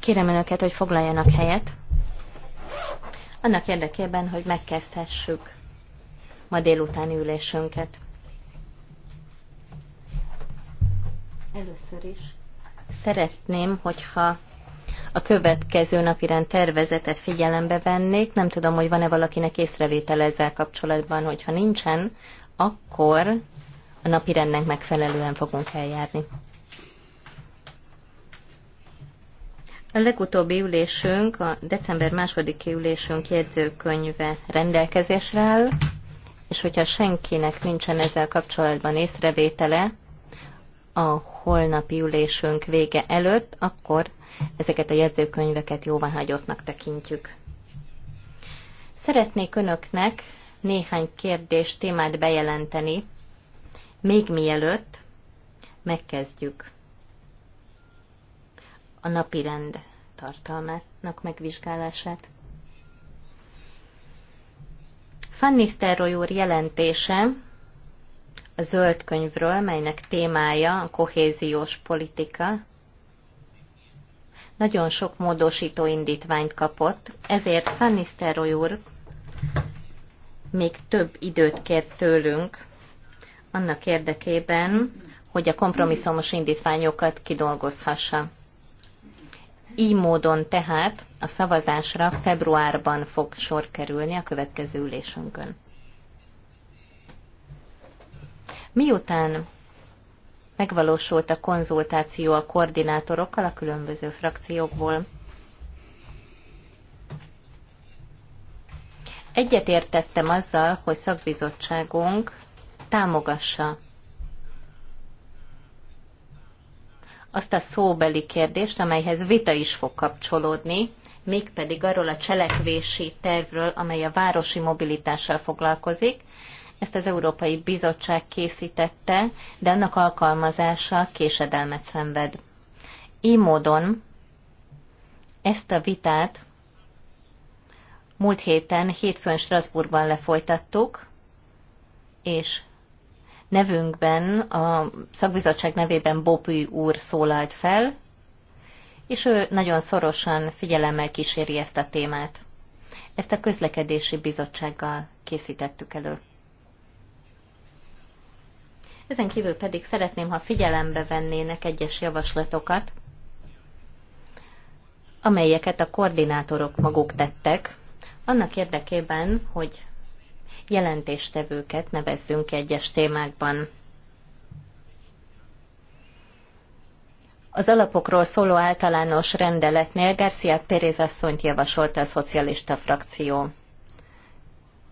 Kérem önöket, hogy foglaljanak helyet. Annak érdekében, hogy megkezdhessük ma délutáni ülésünket. Először is szeretném, hogyha a következő napirend tervezetet figyelembe vennék. Nem tudom, hogy van-e valakinek észrevétele ezzel kapcsolatban, hogyha nincsen, akkor a napirendnek megfelelően fogunk eljárni. A legutóbbi ülésünk, a december második ülésünk jegyzőkönyve rendelkezésre áll, és hogyha senkinek nincsen ezzel kapcsolatban észrevétele a holnapi ülésünk vége előtt, akkor ezeket a jegyzőkönyveket jóváhagyottnak tekintjük. Szeretnék Önöknek néhány kérdést, témát bejelenteni, még mielőtt megkezdjük a napi rend tartalmának megvizsgálását. Fanny Sterroy úr jelentése a zöld könyvről, melynek témája a kohéziós politika, nagyon sok módosító indítványt kapott, ezért Fanny Sterroy úr még több időt kért tőlünk annak érdekében, hogy a kompromisszumos indítványokat kidolgozhassa. Így módon tehát a szavazásra februárban fog sor kerülni a következő ülésünkön. Miután megvalósult a konzultáció a koordinátorokkal a különböző frakciókból, egyetértettem azzal, hogy szakbizottságunk támogassa azt a szóbeli kérdést, amelyhez vita is fog kapcsolódni, mégpedig arról a cselekvési tervről, amely a városi mobilitással foglalkozik. Ezt az Európai Bizottság készítette, de annak alkalmazása késedelmet szenved. Így módon ezt a vitát múlt héten, hétfőn Strasbourgban lefolytattuk, és nevünkben, a szakbizottság nevében Bobby úr szólalt fel, és ő nagyon szorosan figyelemmel kíséri ezt a témát. Ezt a közlekedési bizottsággal készítettük elő. Ezen kívül pedig szeretném, ha figyelembe vennének egyes javaslatokat, amelyeket a koordinátorok maguk tettek, annak érdekében, hogy jelentéstevőket nevezzünk egyes témákban. Az alapokról szóló általános rendeletnél García Pérez asszonyt javasolta a szocialista frakció.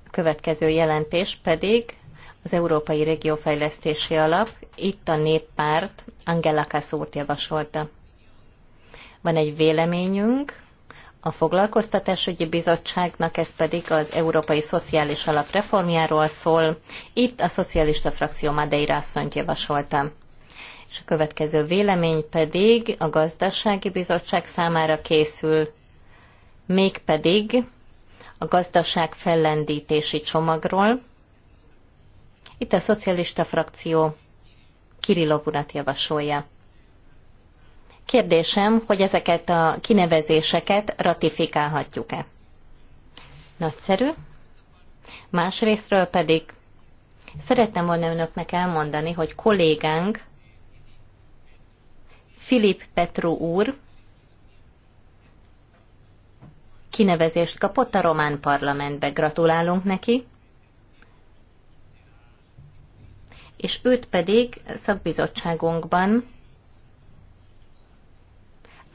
A következő jelentés pedig az Európai Régiófejlesztési Alap, itt a néppárt Angela Kasszót javasolta. Van egy véleményünk, a Foglalkoztatásügyi Bizottságnak, ez pedig az Európai Szociális Alap reformjáról szól. Itt a szocialista frakció Madeira asszonyt javasolta. És a következő vélemény pedig a Gazdasági Bizottság számára készül, mégpedig a gazdaság fellendítési csomagról. Itt a szocialista frakció Kirilov urat javasolja. Kérdésem, hogy ezeket a kinevezéseket ratifikálhatjuk-e? Nagyszerű. Másrésztről pedig szerettem volna önöknek elmondani, hogy kollégánk Filip Petru úr kinevezést kapott a román parlamentbe. Gratulálunk neki. És őt pedig szakbizottságunkban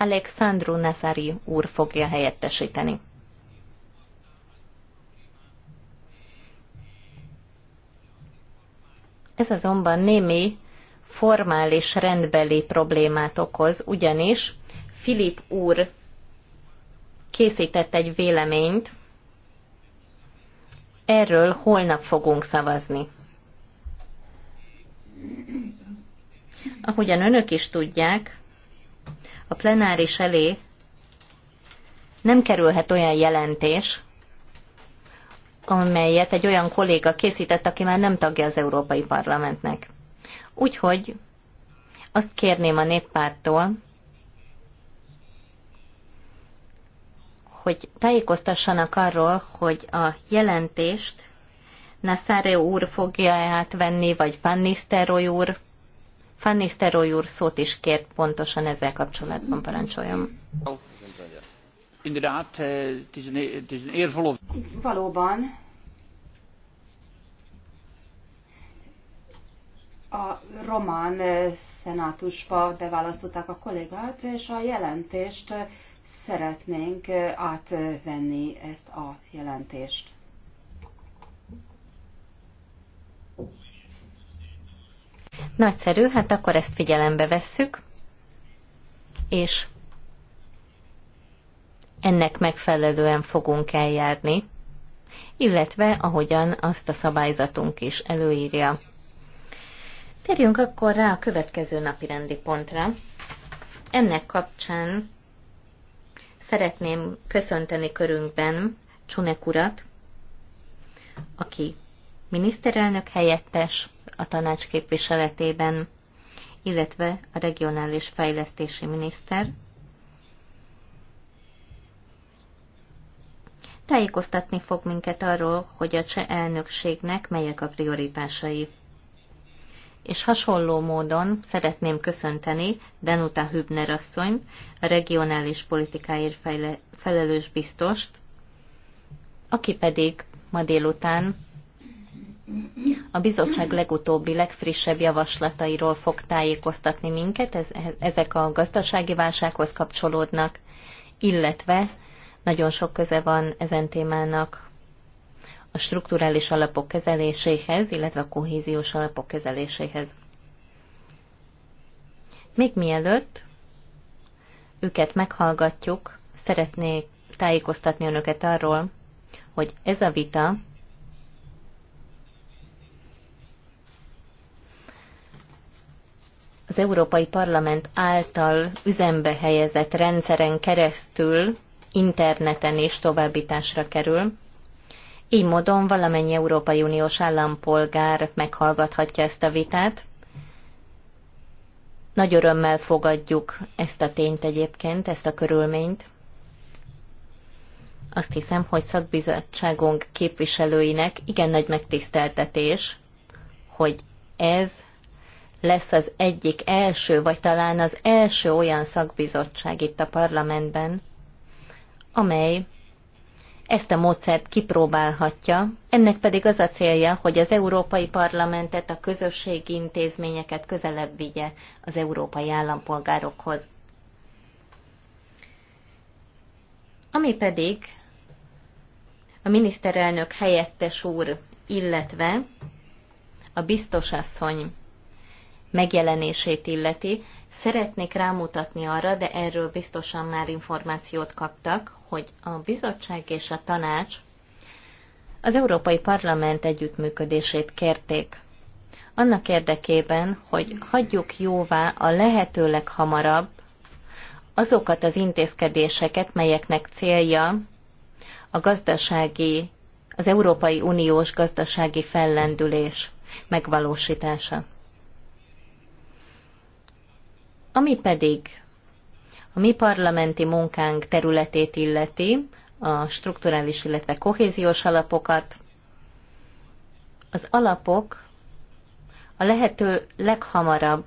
Alexandru Nefari úr fogja helyettesíteni. Ez azonban némi formális rendbeli problémát okoz, ugyanis Filip úr készített egy véleményt, erről holnap fogunk szavazni. Ahogyan önök is tudják, a plenáris elé nem kerülhet olyan jelentés, amelyet egy olyan kolléga készített, aki már nem tagja az Európai Parlamentnek. Úgyhogy azt kérném a néppártól, hogy tájékoztassanak arról, hogy a jelentést Nassare úr fogja átvenni, vagy Van Nistelrooy úr, Fanny Steroy úr szót is kért pontosan ezzel kapcsolatban, parancsoljon. Eh, e-, Valóban, a román eh, szenátusba beválasztották a kollégát, és a jelentést eh, szeretnénk átvenni ezt a jelentést. Nagyszerű, hát akkor ezt figyelembe vesszük, és ennek megfelelően fogunk eljárni, illetve ahogyan azt a szabályzatunk is előírja. Térjünk akkor rá a következő napi rendi pontra. Ennek kapcsán szeretném köszönteni körünkben Csunek urat, aki miniszterelnök helyettes, a tanács képviseletében, illetve a regionális fejlesztési miniszter. Tájékoztatni fog minket arról, hogy a cseh elnökségnek melyek a prioritásai. És hasonló módon szeretném köszönteni Danuta Hübner asszony, a regionális politikáért felelős biztost, aki pedig ma délután a bizottság legutóbbi, legfrissebb javaslatairól fog tájékoztatni minket, ez, ezek a gazdasági válsághoz kapcsolódnak, illetve nagyon sok köze van ezen témának a strukturális alapok kezeléséhez, illetve a kohéziós alapok kezeléséhez. Még mielőtt őket meghallgatjuk, szeretnék tájékoztatni önöket arról, hogy ez a vita az Európai Parlament által üzembe helyezett rendszeren keresztül interneten és továbbításra kerül. Így módon valamennyi Európai Uniós állampolgár meghallgathatja ezt a vitát. Nagy örömmel fogadjuk ezt a tényt egyébként, ezt a körülményt. Azt hiszem, hogy szakbizottságunk képviselőinek igen nagy megtiszteltetés, hogy ez lesz az egyik első, vagy talán az első olyan szakbizottság itt a parlamentben, amely ezt a módszert kipróbálhatja, ennek pedig az a célja, hogy az Európai Parlamentet, a közösségi intézményeket közelebb vigye az európai állampolgárokhoz. Ami pedig a miniszterelnök helyettes úr, illetve a biztosasszony megjelenését illeti, szeretnék rámutatni arra, de erről biztosan már információt kaptak, hogy a bizottság és a tanács az Európai Parlament együttműködését kérték. Annak érdekében, hogy hagyjuk jóvá a lehetőleg hamarabb, azokat az intézkedéseket, melyeknek célja a gazdasági, az Európai Uniós gazdasági fellendülés megvalósítása. Ami pedig a mi parlamenti munkánk területét illeti, a strukturális, illetve kohéziós alapokat, az alapok a lehető leghamarabb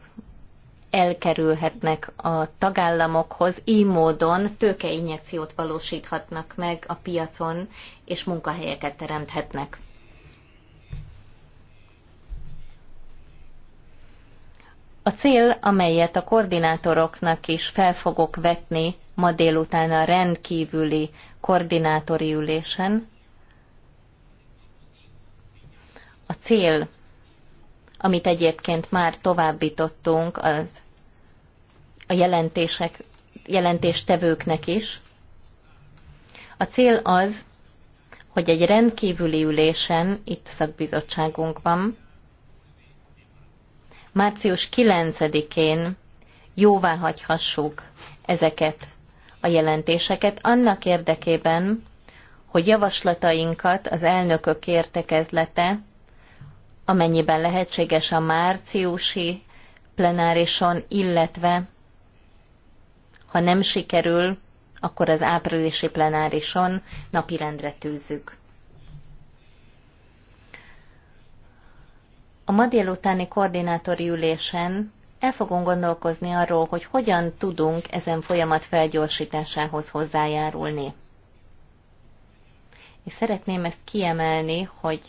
elkerülhetnek a tagállamokhoz, így módon tőkeinjekciót valósíthatnak meg a piacon, és munkahelyeket teremthetnek. A cél, amelyet a koordinátoroknak is fel fogok vetni ma délután a rendkívüli koordinátori ülésen, a cél, amit egyébként már továbbítottunk az a jelentések, jelentéstevőknek is, a cél az, hogy egy rendkívüli ülésen, itt szakbizottságunkban, március 9-én jóvá hagyhassuk ezeket a jelentéseket annak érdekében, hogy javaslatainkat az elnökök értekezlete, amennyiben lehetséges a márciusi plenárison, illetve ha nem sikerül, akkor az áprilisi plenárison napirendre tűzzük. A ma délutáni koordinátori ülésen el fogunk gondolkozni arról, hogy hogyan tudunk ezen folyamat felgyorsításához hozzájárulni. És szeretném ezt kiemelni, hogy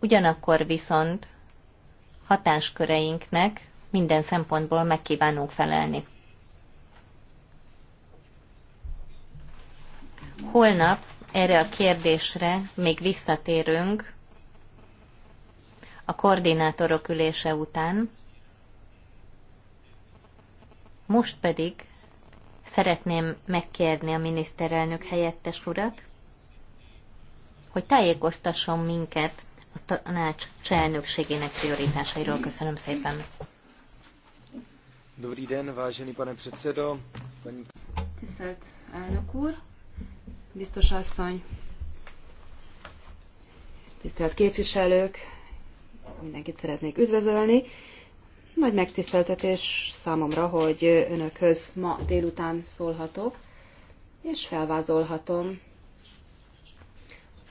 ugyanakkor viszont hatásköreinknek minden szempontból megkívánunk felelni. Holnap erre a kérdésre még visszatérünk, a koordinátorok ülése után. Most pedig szeretném megkérni a miniszterelnök helyettes urat, hogy tájékoztasson minket a tanács cselnökségének prioritásairól. Köszönöm szépen. Dobrý den, vážený pane předsedo. Paní... Tisztelt elnök úr, biztos asszony, tisztelt képviselők, mindenkit szeretnék üdvözölni. Nagy megtiszteltetés számomra, hogy önökhöz ma délután szólhatok, és felvázolhatom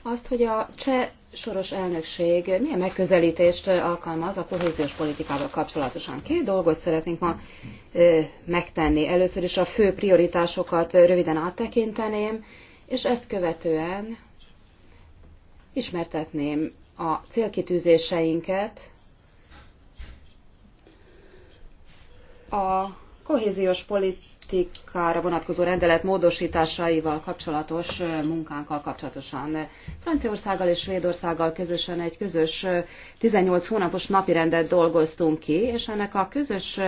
azt, hogy a cseh soros elnökség milyen megközelítést alkalmaz a kohéziós politikával kapcsolatosan. Két dolgot szeretnénk ma megtenni. Először is a fő prioritásokat röviden áttekinteném, és ezt követően ismertetném a célkitűzéseinket a kohéziós politikára vonatkozó rendelet módosításaival kapcsolatos munkánkkal kapcsolatosan. Franciaországgal és Svédországgal közösen egy közös 18 hónapos napirendet dolgoztunk ki, és ennek a közös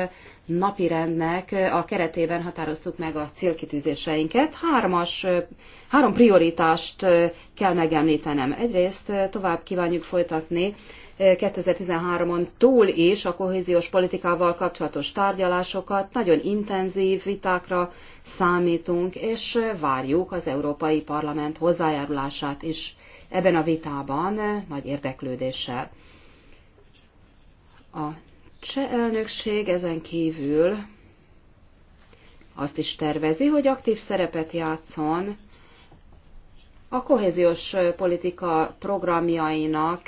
napirendnek a keretében határoztuk meg a célkitűzéseinket. Hármas, három prioritást kell megemlítenem. Egyrészt tovább kívánjuk folytatni 2013-on túl is a kohéziós politikával kapcsolatos tárgyalásokat, nagyon intenzív vitákra számítunk, és várjuk az Európai Parlament hozzájárulását is ebben a vitában nagy érdeklődéssel. A cseh elnökség ezen kívül azt is tervezi, hogy aktív szerepet játszon a kohéziós politika programjainak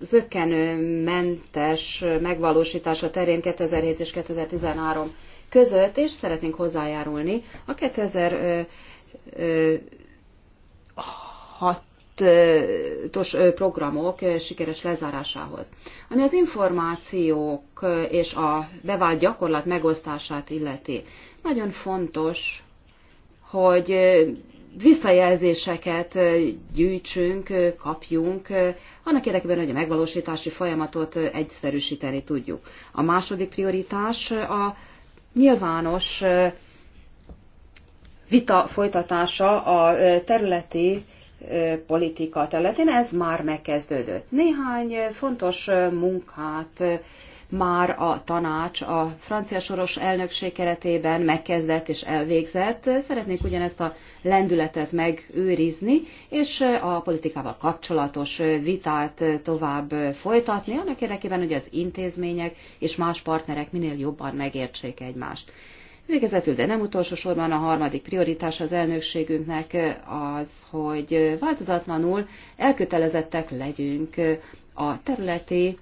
zökkenőmentes megvalósítása terén 2007 és 2013 között, és szeretnénk hozzájárulni a 2006-os programok sikeres lezárásához. Ami az információk és a bevált gyakorlat megosztását illeti, nagyon fontos, hogy visszajelzéseket gyűjtsünk, kapjunk, annak érdekében, hogy a megvalósítási folyamatot egyszerűsíteni tudjuk. A második prioritás a nyilvános vita folytatása a területi politika területén, ez már megkezdődött. Néhány fontos munkát már a tanács a francia soros elnökség keretében megkezdett és elvégzett. Szeretnék ugyanezt a lendületet megőrizni, és a politikával kapcsolatos vitát tovább folytatni, annak érdekében, hogy az intézmények és más partnerek minél jobban megértsék egymást. Végezetül, de nem utolsó sorban a harmadik prioritás az elnökségünknek az, hogy változatlanul elkötelezettek legyünk a területi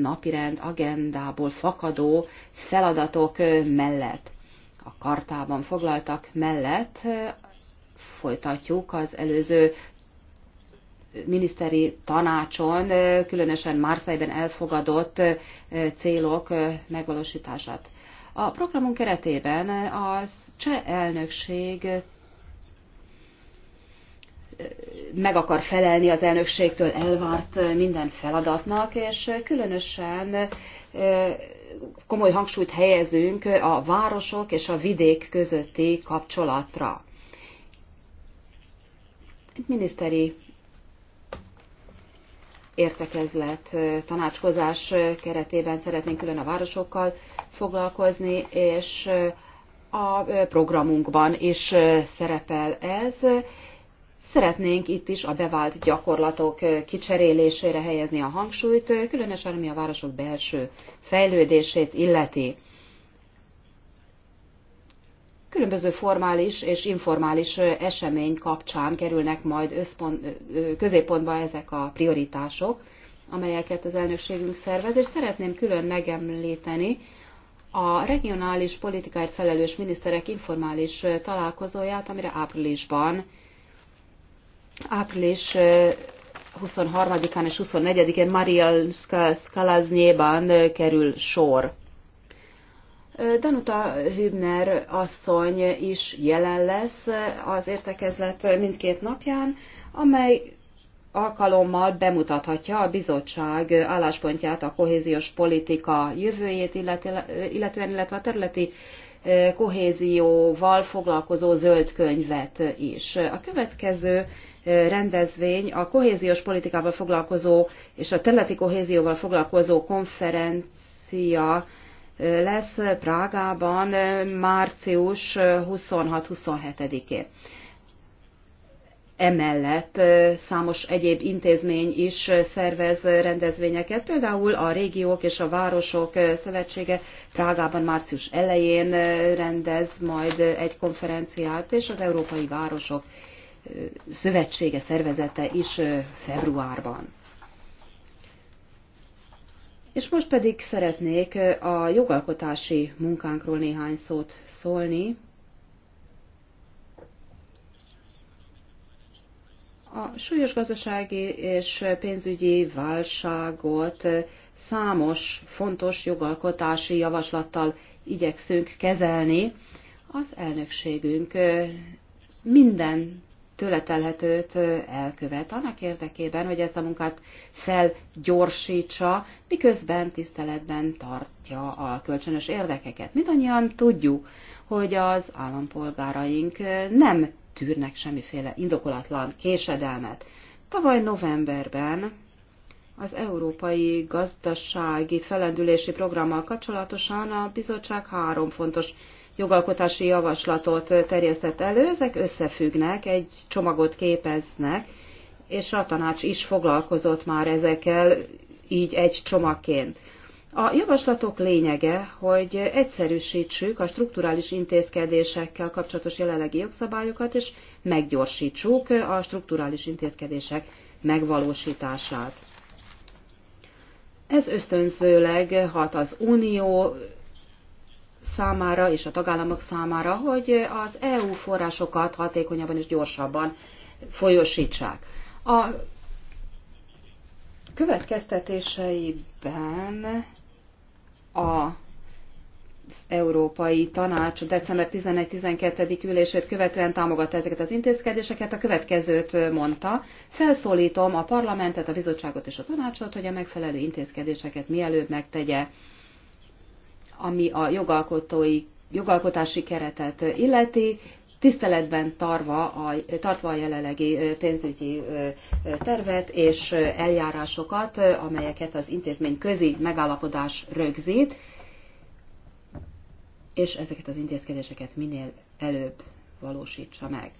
napirend agendából fakadó feladatok mellett, a kartában foglaltak mellett folytatjuk az előző miniszteri tanácson, különösen Marseille-ben elfogadott célok megvalósítását. A programunk keretében az cseh elnökség meg akar felelni az elnökségtől elvárt minden feladatnak, és különösen e, komoly hangsúlyt helyezünk a városok és a vidék közötti kapcsolatra. Egy miniszteri értekezlet e, tanácskozás keretében szeretnénk külön a városokkal foglalkozni, és e, a programunkban is szerepel ez Szeretnénk itt is a bevált gyakorlatok kicserélésére helyezni a hangsúlyt, különösen ami a városok belső fejlődését illeti. Különböző formális és informális esemény kapcsán kerülnek majd összpont, középpontba ezek a prioritások, amelyeket az elnökségünk szervez, és szeretném külön megemlíteni a regionális politikáért felelős miniszterek informális találkozóját, amire áprilisban április 23-án és 24-én Mariel Skalaznyéban kerül sor. Danuta Hübner asszony is jelen lesz az értekezlet mindkét napján, amely alkalommal bemutathatja a bizottság álláspontját a kohéziós politika jövőjét, illetően, illetve a területi kohézióval foglalkozó zöld könyvet is. A következő rendezvény a kohéziós politikával foglalkozó és a területi kohézióval foglalkozó konferencia lesz Prágában március 26-27-én. Emellett számos egyéb intézmény is szervez rendezvényeket, például a Régiók és a Városok Szövetsége Prágában március elején rendez majd egy konferenciát, és az Európai Városok szövetsége, szervezete is februárban. És most pedig szeretnék a jogalkotási munkánkról néhány szót szólni. A súlyos gazdasági és pénzügyi válságot számos fontos jogalkotási javaslattal igyekszünk kezelni. Az elnökségünk minden tőle telhetőt elkövet, annak érdekében, hogy ezt a munkát felgyorsítsa, miközben tiszteletben tartja a kölcsönös érdekeket. Mindannyian tudjuk, hogy az állampolgáraink nem tűrnek semmiféle indokolatlan késedelmet. Tavaly novemberben az Európai Gazdasági Felendülési Programmal kapcsolatosan a bizottság három fontos jogalkotási javaslatot terjesztett elő, ezek összefüggnek, egy csomagot képeznek, és a tanács is foglalkozott már ezekkel így egy csomagként. A javaslatok lényege, hogy egyszerűsítsük a strukturális intézkedésekkel kapcsolatos jelenlegi jogszabályokat, és meggyorsítsuk a strukturális intézkedések megvalósítását. Ez ösztönzőleg hat az unió számára és a tagállamok számára, hogy az EU forrásokat hatékonyabban és gyorsabban folyosítsák. A következtetéseiben a az Európai Tanács december 11-12. ülését követően támogatta ezeket az intézkedéseket, a következőt mondta. Felszólítom a parlamentet, a bizottságot és a tanácsot, hogy a megfelelő intézkedéseket mielőbb megtegye ami a jogalkotói, jogalkotási keretet illeti, tiszteletben tarva a, tartva a jelenlegi pénzügyi tervet és eljárásokat, amelyeket az intézmény közi megállapodás rögzít, és ezeket az intézkedéseket minél előbb valósítsa meg.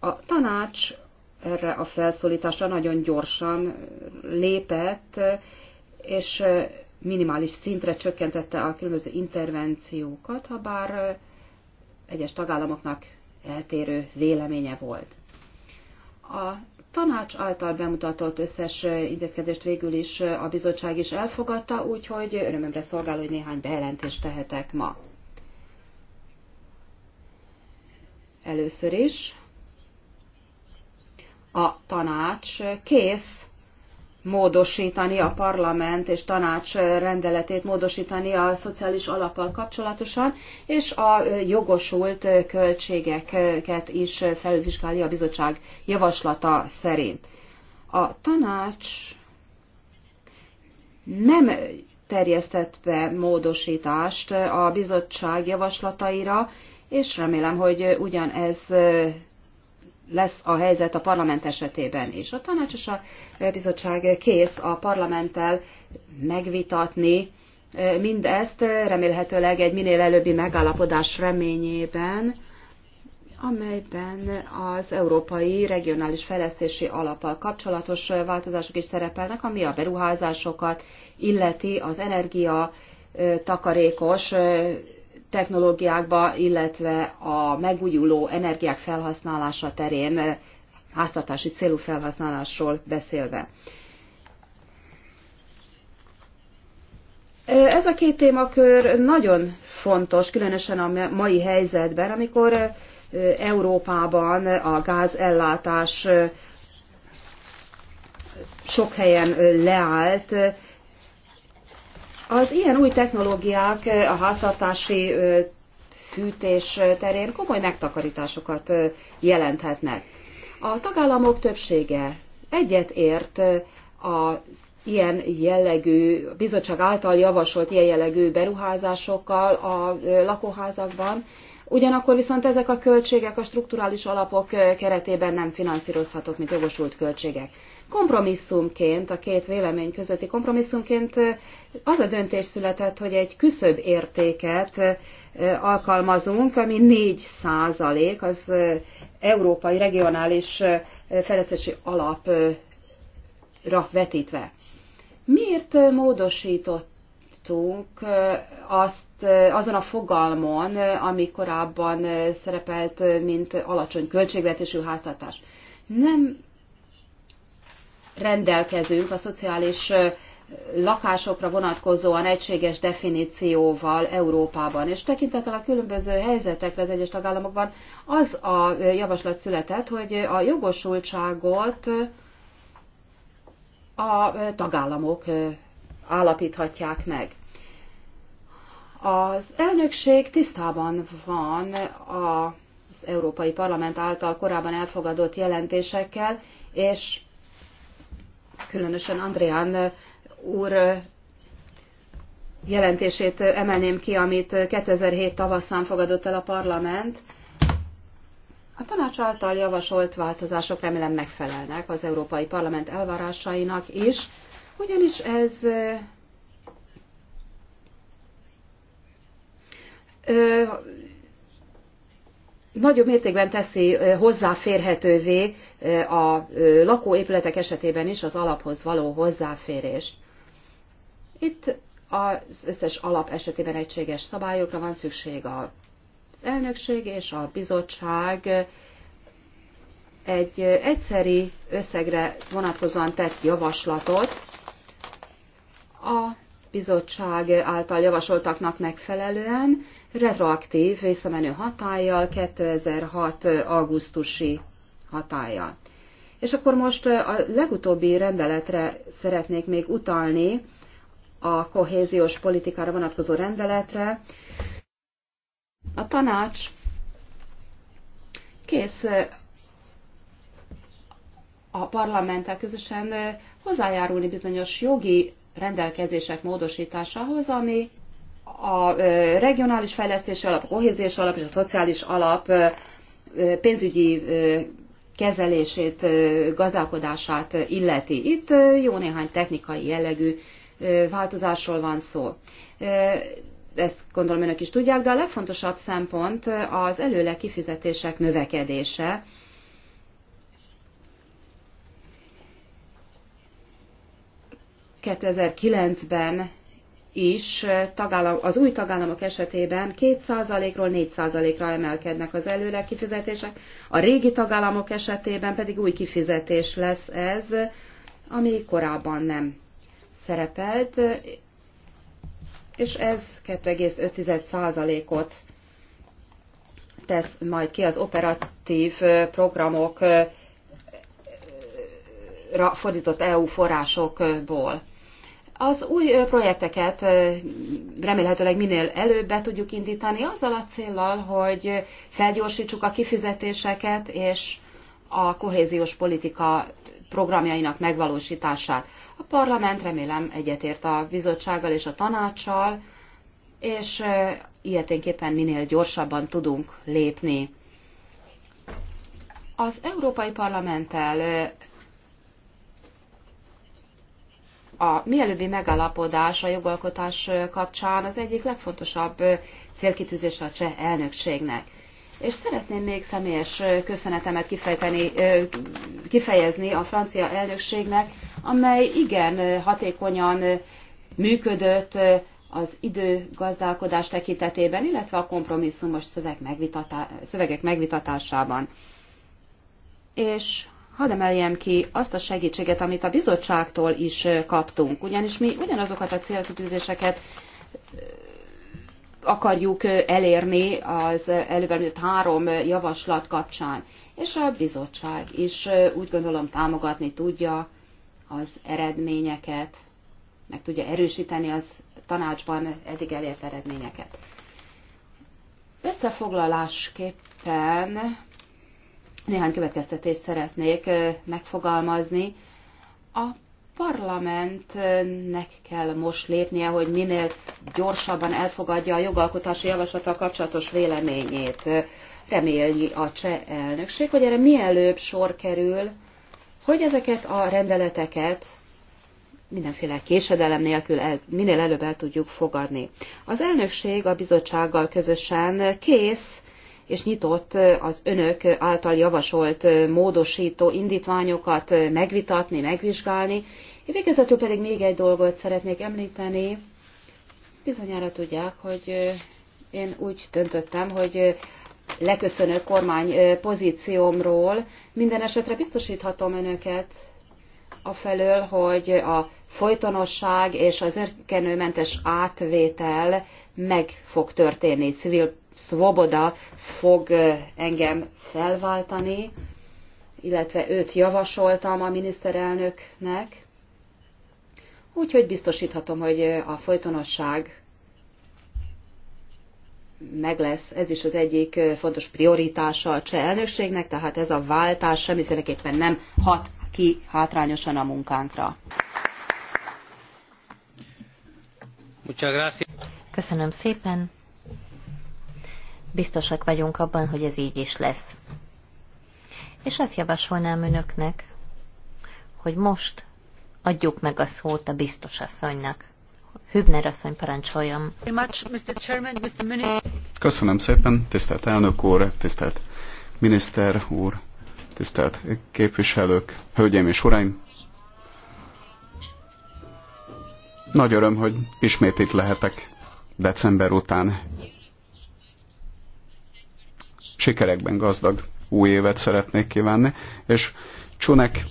A tanács erre a felszólításra nagyon gyorsan lépett, és minimális szintre csökkentette a különböző intervenciókat, ha bár egyes tagállamoknak eltérő véleménye volt. A tanács által bemutatott összes intézkedést végül is a bizottság is elfogadta, úgyhogy örömömre szolgál, hogy néhány bejelentést tehetek ma. Először is a tanács kész módosítani a parlament és tanács rendeletét módosítani a szociális alappal kapcsolatosan, és a jogosult költségeket is felvizsgálja a bizottság javaslata szerint. A tanács nem terjesztett be módosítást a bizottság javaslataira, és remélem, hogy ugyanez lesz a helyzet a parlament esetében is. A tanács és a bizottság kész a parlamenttel megvitatni mindezt, remélhetőleg egy minél előbbi megállapodás reményében, amelyben az Európai Regionális Fejlesztési Alappal kapcsolatos változások is szerepelnek, ami a beruházásokat illeti, az energia takarékos technológiákba, illetve a megújuló energiák felhasználása terén eh, háztartási célú felhasználásról beszélve. Eh, ez a két témakör nagyon fontos, különösen a mai helyzetben, amikor eh, Európában a gázellátás sok helyen leállt, az ilyen új technológiák a háztartási fűtés terén komoly megtakarításokat jelenthetnek. A tagállamok többsége egyet ért a ilyen jellegű, a bizottság által javasolt ilyen jellegű beruházásokkal a lakóházakban, ugyanakkor viszont ezek a költségek a strukturális alapok keretében nem finanszírozhatók, mint jogosult költségek kompromisszumként, a két vélemény közötti kompromisszumként az a döntés született, hogy egy küszöbb értéket alkalmazunk, ami 4 százalék az Európai Regionális Fejlesztési Alapra vetítve. Miért módosítottunk azt azon a fogalmon, ami korábban szerepelt, mint alacsony költségvetésű háztartás? Nem rendelkezünk a szociális lakásokra vonatkozóan egységes definícióval Európában. És tekintettel a különböző helyzetekre az egyes tagállamokban az a javaslat született, hogy a jogosultságot a tagállamok állapíthatják meg. Az elnökség tisztában van az Európai Parlament által korábban elfogadott jelentésekkel, és különösen Andrián eh, úr eh, jelentését emelném ki, amit 2007 tavaszán fogadott el a parlament. A tanács által javasolt változások remélem megfelelnek az Európai Parlament elvárásainak is, ugyanis ez eh, nagyobb mértékben teszi hozzáférhetővé a lakóépületek esetében is az alaphoz való hozzáférést. Itt az összes alap esetében egységes szabályokra van szükség az elnökség és a bizottság egy egyszeri összegre vonatkozóan tett javaslatot. A bizottság által javasoltaknak megfelelően retroaktív visszamenő hatállyal, 2006. augusztusi hatállyal. És akkor most a legutóbbi rendeletre szeretnék még utalni, a kohéziós politikára vonatkozó rendeletre. A tanács kész a parlamenttel közösen hozzájárulni bizonyos jogi rendelkezések módosításához, ami a regionális fejlesztési alap, a kohéziós alap és a szociális alap pénzügyi kezelését, gazdálkodását illeti. Itt jó néhány technikai jellegű változásról van szó. Ezt gondolom önök is tudják, de a legfontosabb szempont az előleg kifizetések növekedése, 2009-ben is tagállam, az új tagállamok esetében 2%-ról 4%-ra emelkednek az előleg kifizetések, a régi tagállamok esetében pedig új kifizetés lesz ez, ami korábban nem szerepelt, és ez 2,5%-ot tesz majd ki az operatív programok fordított EU forrásokból. Az új projekteket remélhetőleg minél előbb be tudjuk indítani, azzal a céllal, hogy felgyorsítsuk a kifizetéseket és a kohéziós politika programjainak megvalósítását. A parlament remélem egyetért a bizottsággal és a tanácssal, és ilyeténképpen minél gyorsabban tudunk lépni. Az Európai Parlamenttel A mielőbbi megalapodás a jogalkotás kapcsán az egyik legfontosabb célkitűzése a cseh elnökségnek. És szeretném még személyes köszönetemet kifejteni, kifejezni a francia elnökségnek, amely igen hatékonyan működött az időgazdálkodás tekintetében, illetve a kompromisszumos szöveg megvitatá, szövegek megvitatásában. És hadd emeljem ki azt a segítséget, amit a bizottságtól is kaptunk, ugyanis mi ugyanazokat a célkitűzéseket akarjuk elérni az előbb említett három javaslat kapcsán, és a bizottság is úgy gondolom támogatni tudja az eredményeket, meg tudja erősíteni az tanácsban eddig elért eredményeket. Összefoglalásképpen néhány következtetést szeretnék megfogalmazni. A parlamentnek kell most lépnie, hogy minél gyorsabban elfogadja a jogalkotási javaslata kapcsolatos véleményét. Remélni a cseh elnökség, hogy erre mielőbb sor kerül, hogy ezeket a rendeleteket mindenféle késedelem nélkül el, minél előbb el tudjuk fogadni. Az elnökség a bizottsággal közösen kész és nyitott az önök által javasolt módosító indítványokat megvitatni, megvizsgálni. Én végezetül pedig még egy dolgot szeretnék említeni. Bizonyára tudják, hogy eh, én úgy döntöttem, hogy eh, leköszönök kormány eh, pozíciómról. Minden esetre biztosíthatom önöket a felől, hogy a folytonosság és az örkenőmentes átvétel meg fog történni civil Svoboda fog engem felváltani, illetve őt javasoltam a miniszterelnöknek, úgyhogy biztosíthatom, hogy a folytonosság meg lesz. Ez is az egyik fontos prioritása a cseh elnökségnek, tehát ez a váltás semmiféleképpen nem hat ki hátrányosan a munkánkra. Köszönöm szépen. Biztosak vagyunk abban, hogy ez így is lesz. És azt javasolnám önöknek, hogy most adjuk meg a szót a biztos asszonynak. Hübner asszony parancsoljon. Köszönöm szépen, tisztelt elnök úr, tisztelt miniszter úr, tisztelt képviselők, hölgyeim és uraim! Nagy öröm, hogy ismét itt lehetek december után sikerekben gazdag új évet szeretnék kívánni, és Csunek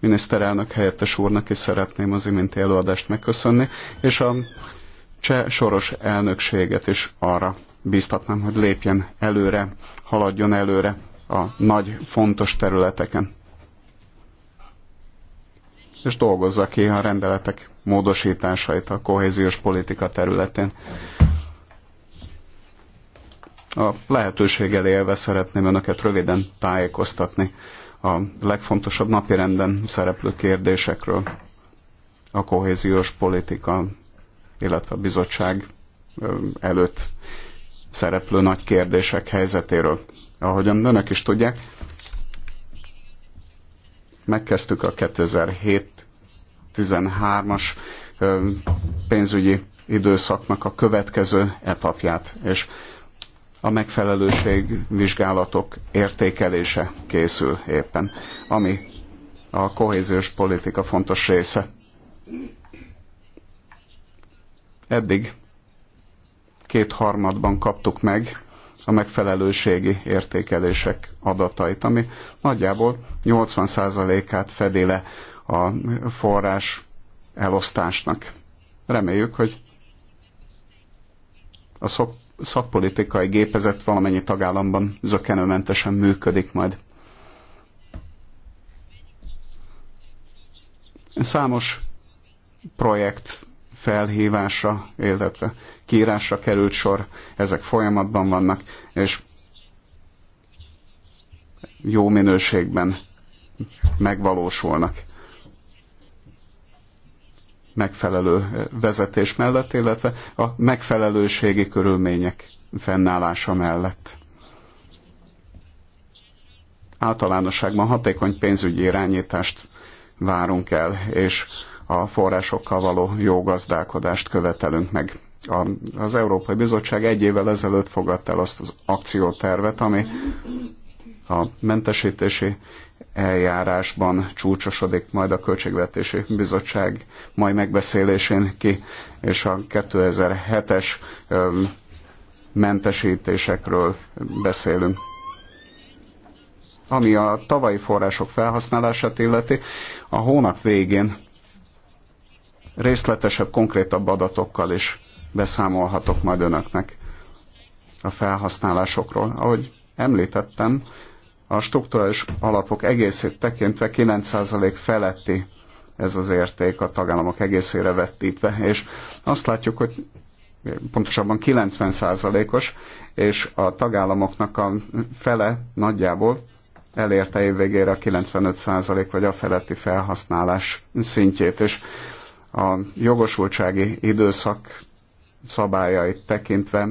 miniszterelnök helyettes úrnak is szeretném az iminti előadást megköszönni, és a cseh soros elnökséget is arra bíztatnám, hogy lépjen előre, haladjon előre a nagy, fontos területeken. És dolgozza ki a rendeletek módosításait a kohéziós politika területén. A lehetőséggel élve szeretném önöket röviden tájékoztatni a legfontosabb napirenden szereplő kérdésekről. A kohéziós politika, illetve a bizottság előtt szereplő nagy kérdések helyzetéről. Ahogyan önök is tudják, megkezdtük a 2007-13-as pénzügyi időszaknak a következő etapját, és a megfelelőség vizsgálatok értékelése készül éppen, ami a kohéziós politika fontos része. Eddig kétharmadban kaptuk meg a megfelelőségi értékelések adatait, ami nagyjából 80%-át fedi le a forrás elosztásnak. Reméljük, hogy a szok szakpolitikai gépezet valamennyi tagállamban zökenőmentesen működik majd. Számos projekt felhívásra, illetve kiírásra került sor, ezek folyamatban vannak, és jó minőségben megvalósulnak megfelelő vezetés mellett, illetve a megfelelőségi körülmények fennállása mellett. Általánosságban hatékony pénzügyi irányítást várunk el, és a forrásokkal való jó gazdálkodást követelünk meg. A, az Európai Bizottság egy évvel ezelőtt fogadta el azt az akciótervet, ami a mentesítési eljárásban csúcsosodik majd a Költségvetési Bizottság mai megbeszélésén ki, és a 2007-es mentesítésekről beszélünk. Ami a tavalyi források felhasználását illeti, a hónap végén részletesebb, konkrétabb adatokkal is beszámolhatok majd önöknek a felhasználásokról. Ahogy említettem, a struktúrális alapok egészét tekintve 9% feletti ez az érték a tagállamok egészére vettítve, és azt látjuk, hogy pontosabban 90%-os, és a tagállamoknak a fele nagyjából elérte évvégére a 95% vagy a feletti felhasználás szintjét, és a jogosultsági időszak szabályait tekintve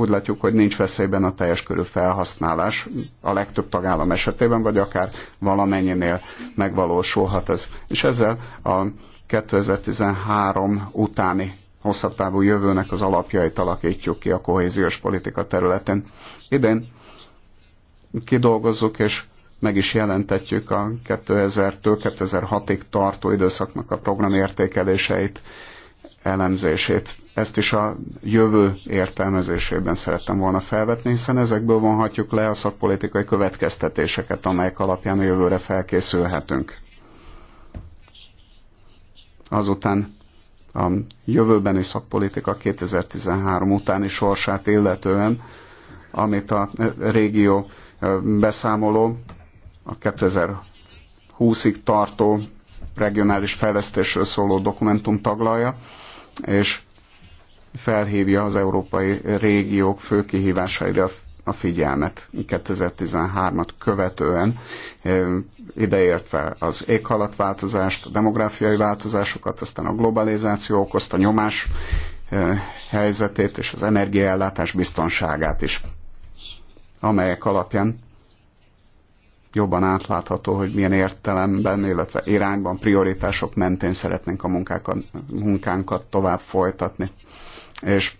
úgy látjuk, hogy nincs veszélyben a teljes körű felhasználás a legtöbb tagállam esetében, vagy akár valamennyinél megvalósulhat ez. És ezzel a 2013 utáni hosszabb távú jövőnek az alapjait alakítjuk ki a kohéziós politika területén. Idén kidolgozzuk és meg is jelentetjük a 2000-től 2006-ig tartó időszaknak a program értékeléseit, elemzését ezt is a jövő értelmezésében szerettem volna felvetni, hiszen ezekből vonhatjuk le a szakpolitikai következtetéseket, amelyek alapján a jövőre felkészülhetünk. Azután a jövőbeni szakpolitika 2013 utáni sorsát illetően, amit a régió beszámoló a 2020-ig tartó regionális fejlesztésről szóló dokumentum taglalja, és felhívja az európai régiók fő kihívásaira a figyelmet 2013-at követően, ideértve az éghalatváltozást, a demográfiai változásokat, aztán a globalizáció okozta nyomás helyzetét és az energiaellátás biztonságát is, amelyek alapján jobban átlátható, hogy milyen értelemben, illetve irányban, prioritások mentén szeretnénk a munkákat, munkánkat tovább folytatni és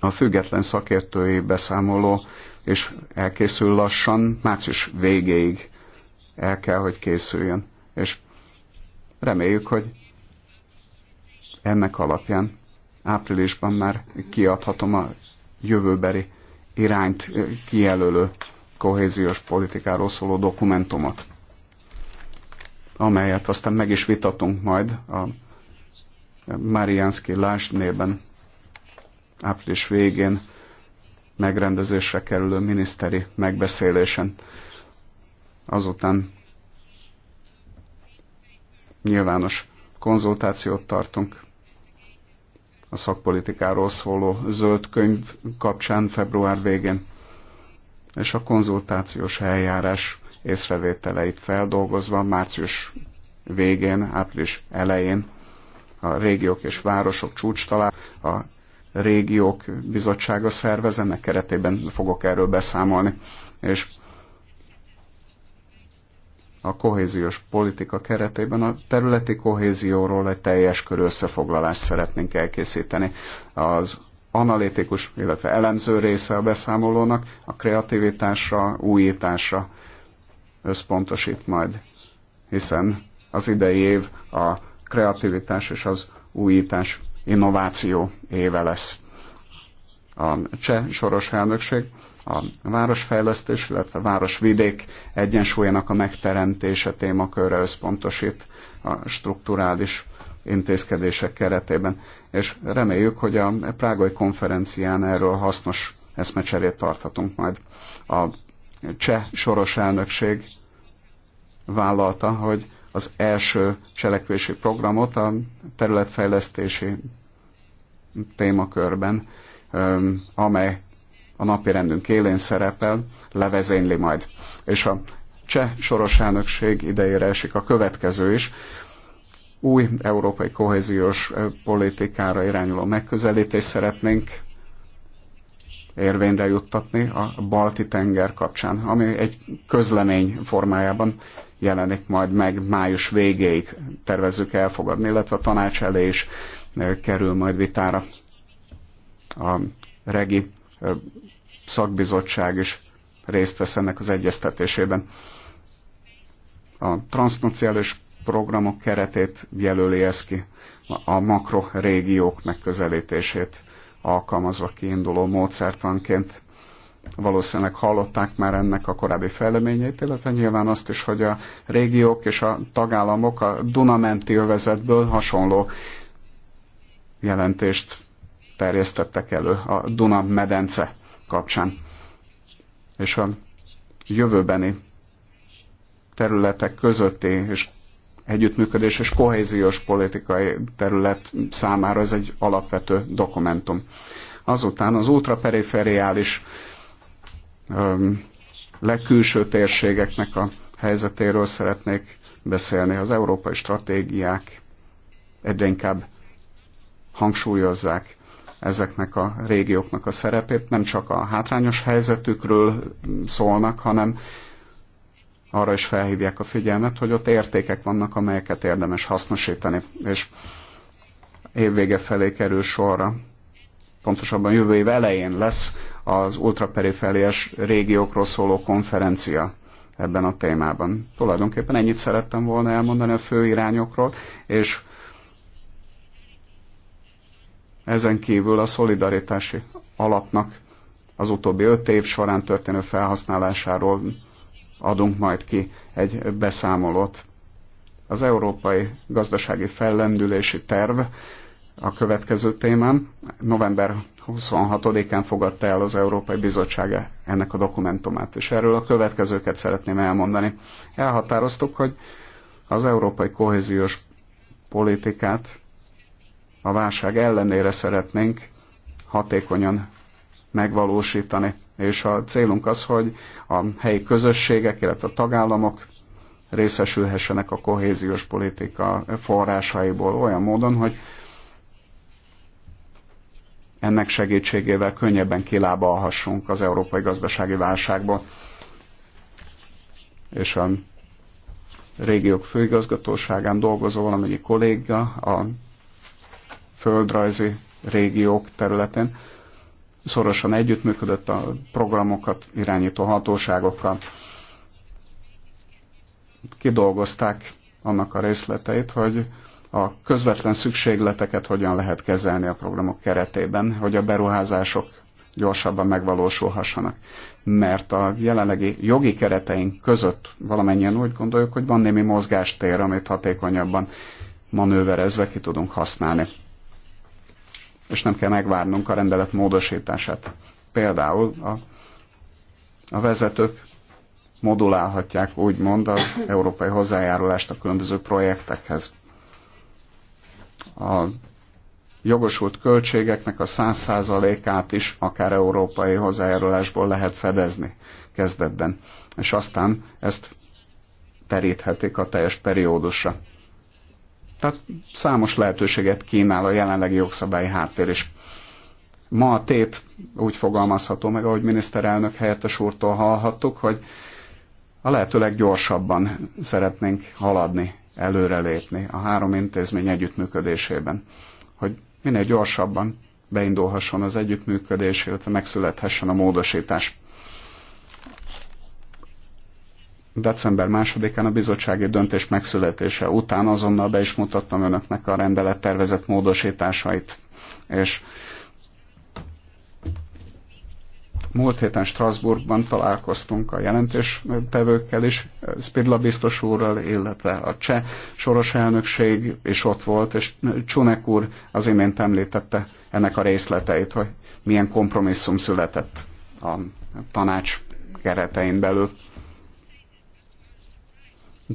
a független szakértői beszámoló és elkészül lassan, március végéig el kell, hogy készüljön. És reméljük, hogy ennek alapján áprilisban már kiadhatom a jövőbeli irányt kijelölő kohéziós politikáról szóló dokumentumot, amelyet aztán meg is vitatunk majd a Mariánszki Lásd néven április végén megrendezésre kerülő miniszteri megbeszélésen. Azután nyilvános konzultációt tartunk a szakpolitikáról szóló zöld könyv kapcsán február végén, és a konzultációs eljárás észrevételeit feldolgozva március végén, április elején a régiók és városok csúcs talál, a régiók bizottsága szervez, ennek keretében fogok erről beszámolni. És a kohéziós politika keretében a területi kohézióról egy teljes körű összefoglalást szeretnénk elkészíteni. Az analitikus, illetve elemző része a beszámolónak a kreativitásra, újításra összpontosít majd, hiszen az idei év a kreativitás és az újítás innováció éve lesz. A cseh soros elnökség a városfejlesztés, illetve városvidék egyensúlyának a megteremtése témakörre összpontosít a strukturális intézkedések keretében. És reméljük, hogy a prágai konferencián erről hasznos eszmecserét tarthatunk majd. A cseh soros elnökség vállalta, hogy az első cselekvési programot a területfejlesztési témakörben, amely a napi rendünk élén szerepel, levezényli majd. És a cseh soros elnökség idejére esik a következő is, új európai kohéziós politikára irányuló megközelítést szeretnénk érvényre juttatni a Balti tenger kapcsán, ami egy közlemény formájában jelenik majd meg május végéig tervezzük elfogadni, illetve a tanács elé is kerül majd vitára a regi szakbizottság is részt vesz ennek az egyeztetésében. A transznaciális programok keretét jelöli ez ki, a makrorégiók megközelítését alkalmazva kiinduló módszertanként. Valószínűleg hallották már ennek a korábbi fejleményeit, illetve nyilván azt is, hogy a régiók és a tagállamok a Dunamenti övezetből hasonló jelentést terjesztettek elő a Duna medence kapcsán. És a jövőbeni területek közötti és együttműködés és kohéziós politikai terület számára ez egy alapvető dokumentum. Azután az ultraperiferiális legkülső térségeknek a helyzetéről szeretnék beszélni. Az európai stratégiák egyre inkább hangsúlyozzák ezeknek a régióknak a szerepét, nem csak a hátrányos helyzetükről szólnak, hanem arra is felhívják a figyelmet, hogy ott értékek vannak, amelyeket érdemes hasznosítani, és évvége felé kerül sorra. Pontosabban jövő év elején lesz az ultraperifériás régiókról szóló konferencia ebben a témában. Tulajdonképpen ennyit szerettem volna elmondani a fő irányokról, és ezen kívül a szolidaritási alapnak az utóbbi öt év során történő felhasználásáról adunk majd ki egy beszámolót. Az Európai Gazdasági Fellendülési Terv a következő témán, November 26-án fogadta el az Európai Bizottság ennek a dokumentumát, és erről a következőket szeretném elmondani. Elhatároztuk, hogy az európai kohéziós politikát a válság ellenére szeretnénk hatékonyan megvalósítani és a célunk az, hogy a helyi közösségek, illetve a tagállamok részesülhessenek a kohéziós politika forrásaiból olyan módon, hogy ennek segítségével könnyebben kilábalhassunk az európai gazdasági válságból. És a régiók főigazgatóságán dolgozó valamennyi kolléga a földrajzi régiók területén szorosan együttműködött a programokat irányító hatóságokkal. Kidolgozták annak a részleteit, hogy a közvetlen szükségleteket hogyan lehet kezelni a programok keretében, hogy a beruházások gyorsabban megvalósulhassanak. Mert a jelenlegi jogi kereteink között valamennyien úgy gondoljuk, hogy van némi mozgástér, amit hatékonyabban manőverezve ki tudunk használni és nem kell megvárnunk a rendelet módosítását. Például a, a vezetők modulálhatják úgymond az európai hozzájárulást a különböző projektekhez. A jogosult költségeknek a 100%-át is akár európai hozzájárulásból lehet fedezni kezdetben, és aztán ezt teríthetik a teljes periódusra. Tehát számos lehetőséget kínál a jelenlegi jogszabályi háttér is. Ma a tét úgy fogalmazható meg, ahogy miniszterelnök helyettes úrtól hallhattuk, hogy a lehető leggyorsabban szeretnénk haladni, előrelépni a három intézmény együttműködésében, hogy minél gyorsabban beindulhasson az együttműködés, illetve megszülethessen a módosítás. december másodikán a bizottsági döntés megszületése után azonnal be is mutattam önöknek a rendelet tervezett módosításait. És múlt héten Strasbourgban találkoztunk a tevőkkel is, Spidla biztos úrral, illetve a cseh soros elnökség is ott volt, és Csunek úr az imént említette ennek a részleteit, hogy milyen kompromisszum született a tanács keretein belül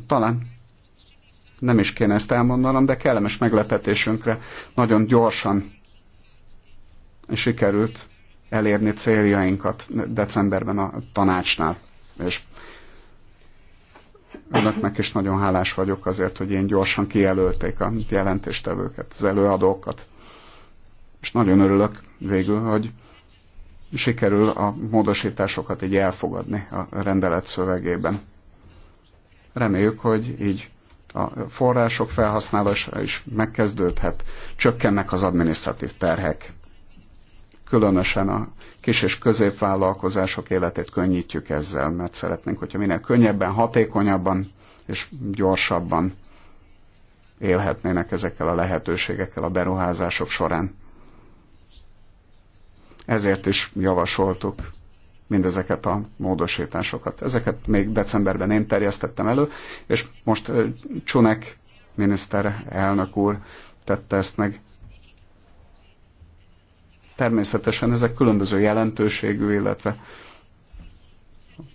talán nem is kéne ezt elmondanom, de kellemes meglepetésünkre nagyon gyorsan sikerült elérni céljainkat decemberben a tanácsnál. És önöknek is nagyon hálás vagyok azért, hogy én gyorsan kijelölték a jelentéstevőket, az előadókat. És nagyon örülök végül, hogy sikerül a módosításokat így elfogadni a rendelet szövegében. Reméljük, hogy így a források felhasználása is megkezdődhet, csökkennek az administratív terhek. Különösen a kis és középvállalkozások életét könnyítjük ezzel, mert szeretnénk, hogyha minél könnyebben, hatékonyabban és gyorsabban élhetnének ezekkel a lehetőségekkel a beruházások során. Ezért is javasoltuk mindezeket a módosításokat. Ezeket még decemberben én terjesztettem elő, és most Csunek elnök úr tette ezt meg. Természetesen ezek különböző jelentőségű, illetve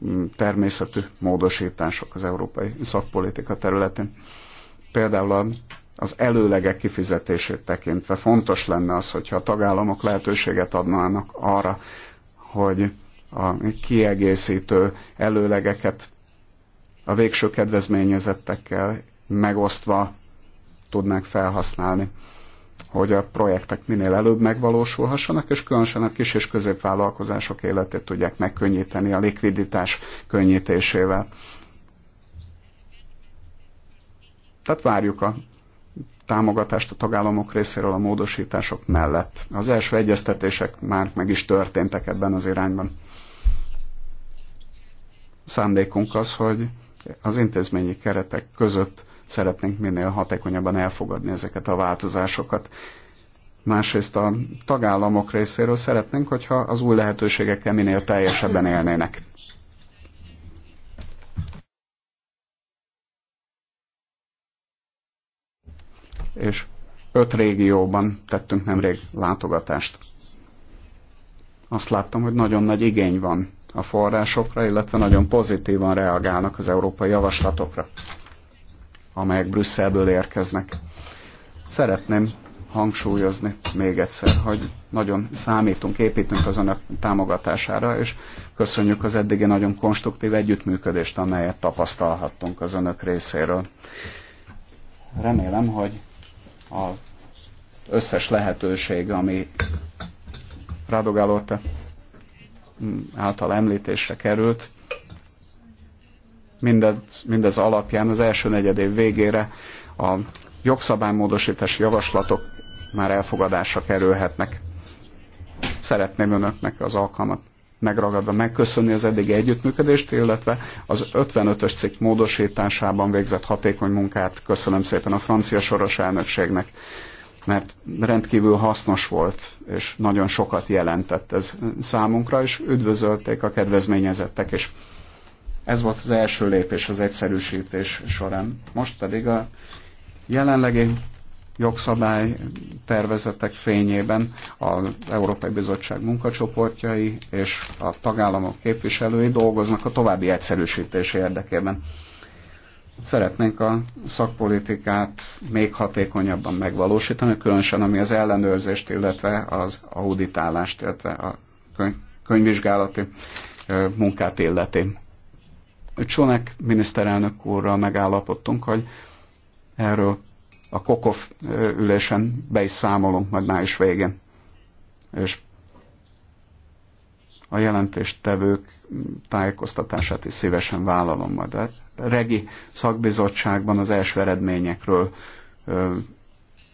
mm, természetű módosítások az európai szakpolitika területén. Például az előlegek kifizetését tekintve fontos lenne az, hogyha a tagállamok lehetőséget adnának arra, hogy a kiegészítő előlegeket a végső kedvezményezettekkel megosztva tudnák felhasználni, hogy a projektek minél előbb megvalósulhassanak, és különösen a kis és középvállalkozások életét tudják megkönnyíteni a likviditás könnyítésével. Tehát várjuk a támogatást a tagállamok részéről a módosítások mellett. Az első egyeztetések már meg is történtek ebben az irányban szándékunk az, hogy az intézményi keretek között szeretnénk minél hatékonyabban elfogadni ezeket a változásokat. Másrészt a tagállamok részéről szeretnénk, hogyha az új lehetőségekkel minél teljesebben élnének. És öt régióban tettünk nemrég látogatást. Azt láttam, hogy nagyon nagy igény van a forrásokra, illetve nagyon pozitívan reagálnak az európai javaslatokra, amelyek Brüsszelből érkeznek. Szeretném hangsúlyozni még egyszer, hogy nagyon számítunk, építünk az önök támogatására, és köszönjük az eddigi nagyon konstruktív együttműködést, amelyet tapasztalhattunk az önök részéről. Remélem, hogy az összes lehetőség, ami Radogálóta által említésre került, mindez, mindez alapján az első negyed év végére a jogszabálymódosítási javaslatok már elfogadásra kerülhetnek. Szeretném önöknek az alkalmat megragadva megköszönni az eddigi együttműködést, illetve az 55-ös cikk módosításában végzett hatékony munkát köszönöm szépen a francia soros elnökségnek mert rendkívül hasznos volt, és nagyon sokat jelentett ez számunkra, és üdvözölték a kedvezményezettek, és ez volt az első lépés az egyszerűsítés során. Most pedig a jelenlegi jogszabály tervezetek fényében az Európai Bizottság munkacsoportjai és a tagállamok képviselői dolgoznak a további egyszerűsítés érdekében szeretnénk a szakpolitikát még hatékonyabban megvalósítani, különösen ami az ellenőrzést, illetve az auditálást, illetve a könyvvizsgálati munkát illeti. Csónek miniszterelnök úrral megállapodtunk, hogy erről a Kokov ülésen be is számolunk majd május végén. És a jelentéstevők tájékoztatását is szívesen vállalom majd regi szakbizottságban az első eredményekről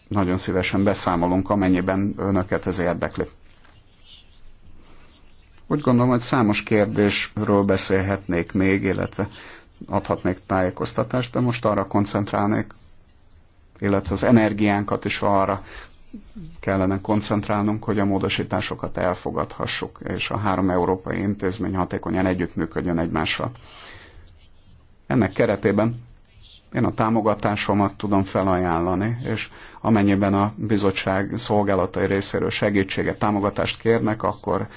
nagyon szívesen beszámolunk, amennyiben önöket ez érdekli. Úgy gondolom, hogy számos kérdésről beszélhetnék még, illetve adhatnék tájékoztatást, de most arra koncentrálnék, illetve az energiánkat is arra kellene koncentrálnunk, hogy a módosításokat elfogadhassuk, és a három európai intézmény hatékonyan együttműködjön egymással. Ennek keretében én a támogatásomat tudom felajánlani, és amennyiben a bizottság szolgálatai részéről segítséget, támogatást kérnek, akkor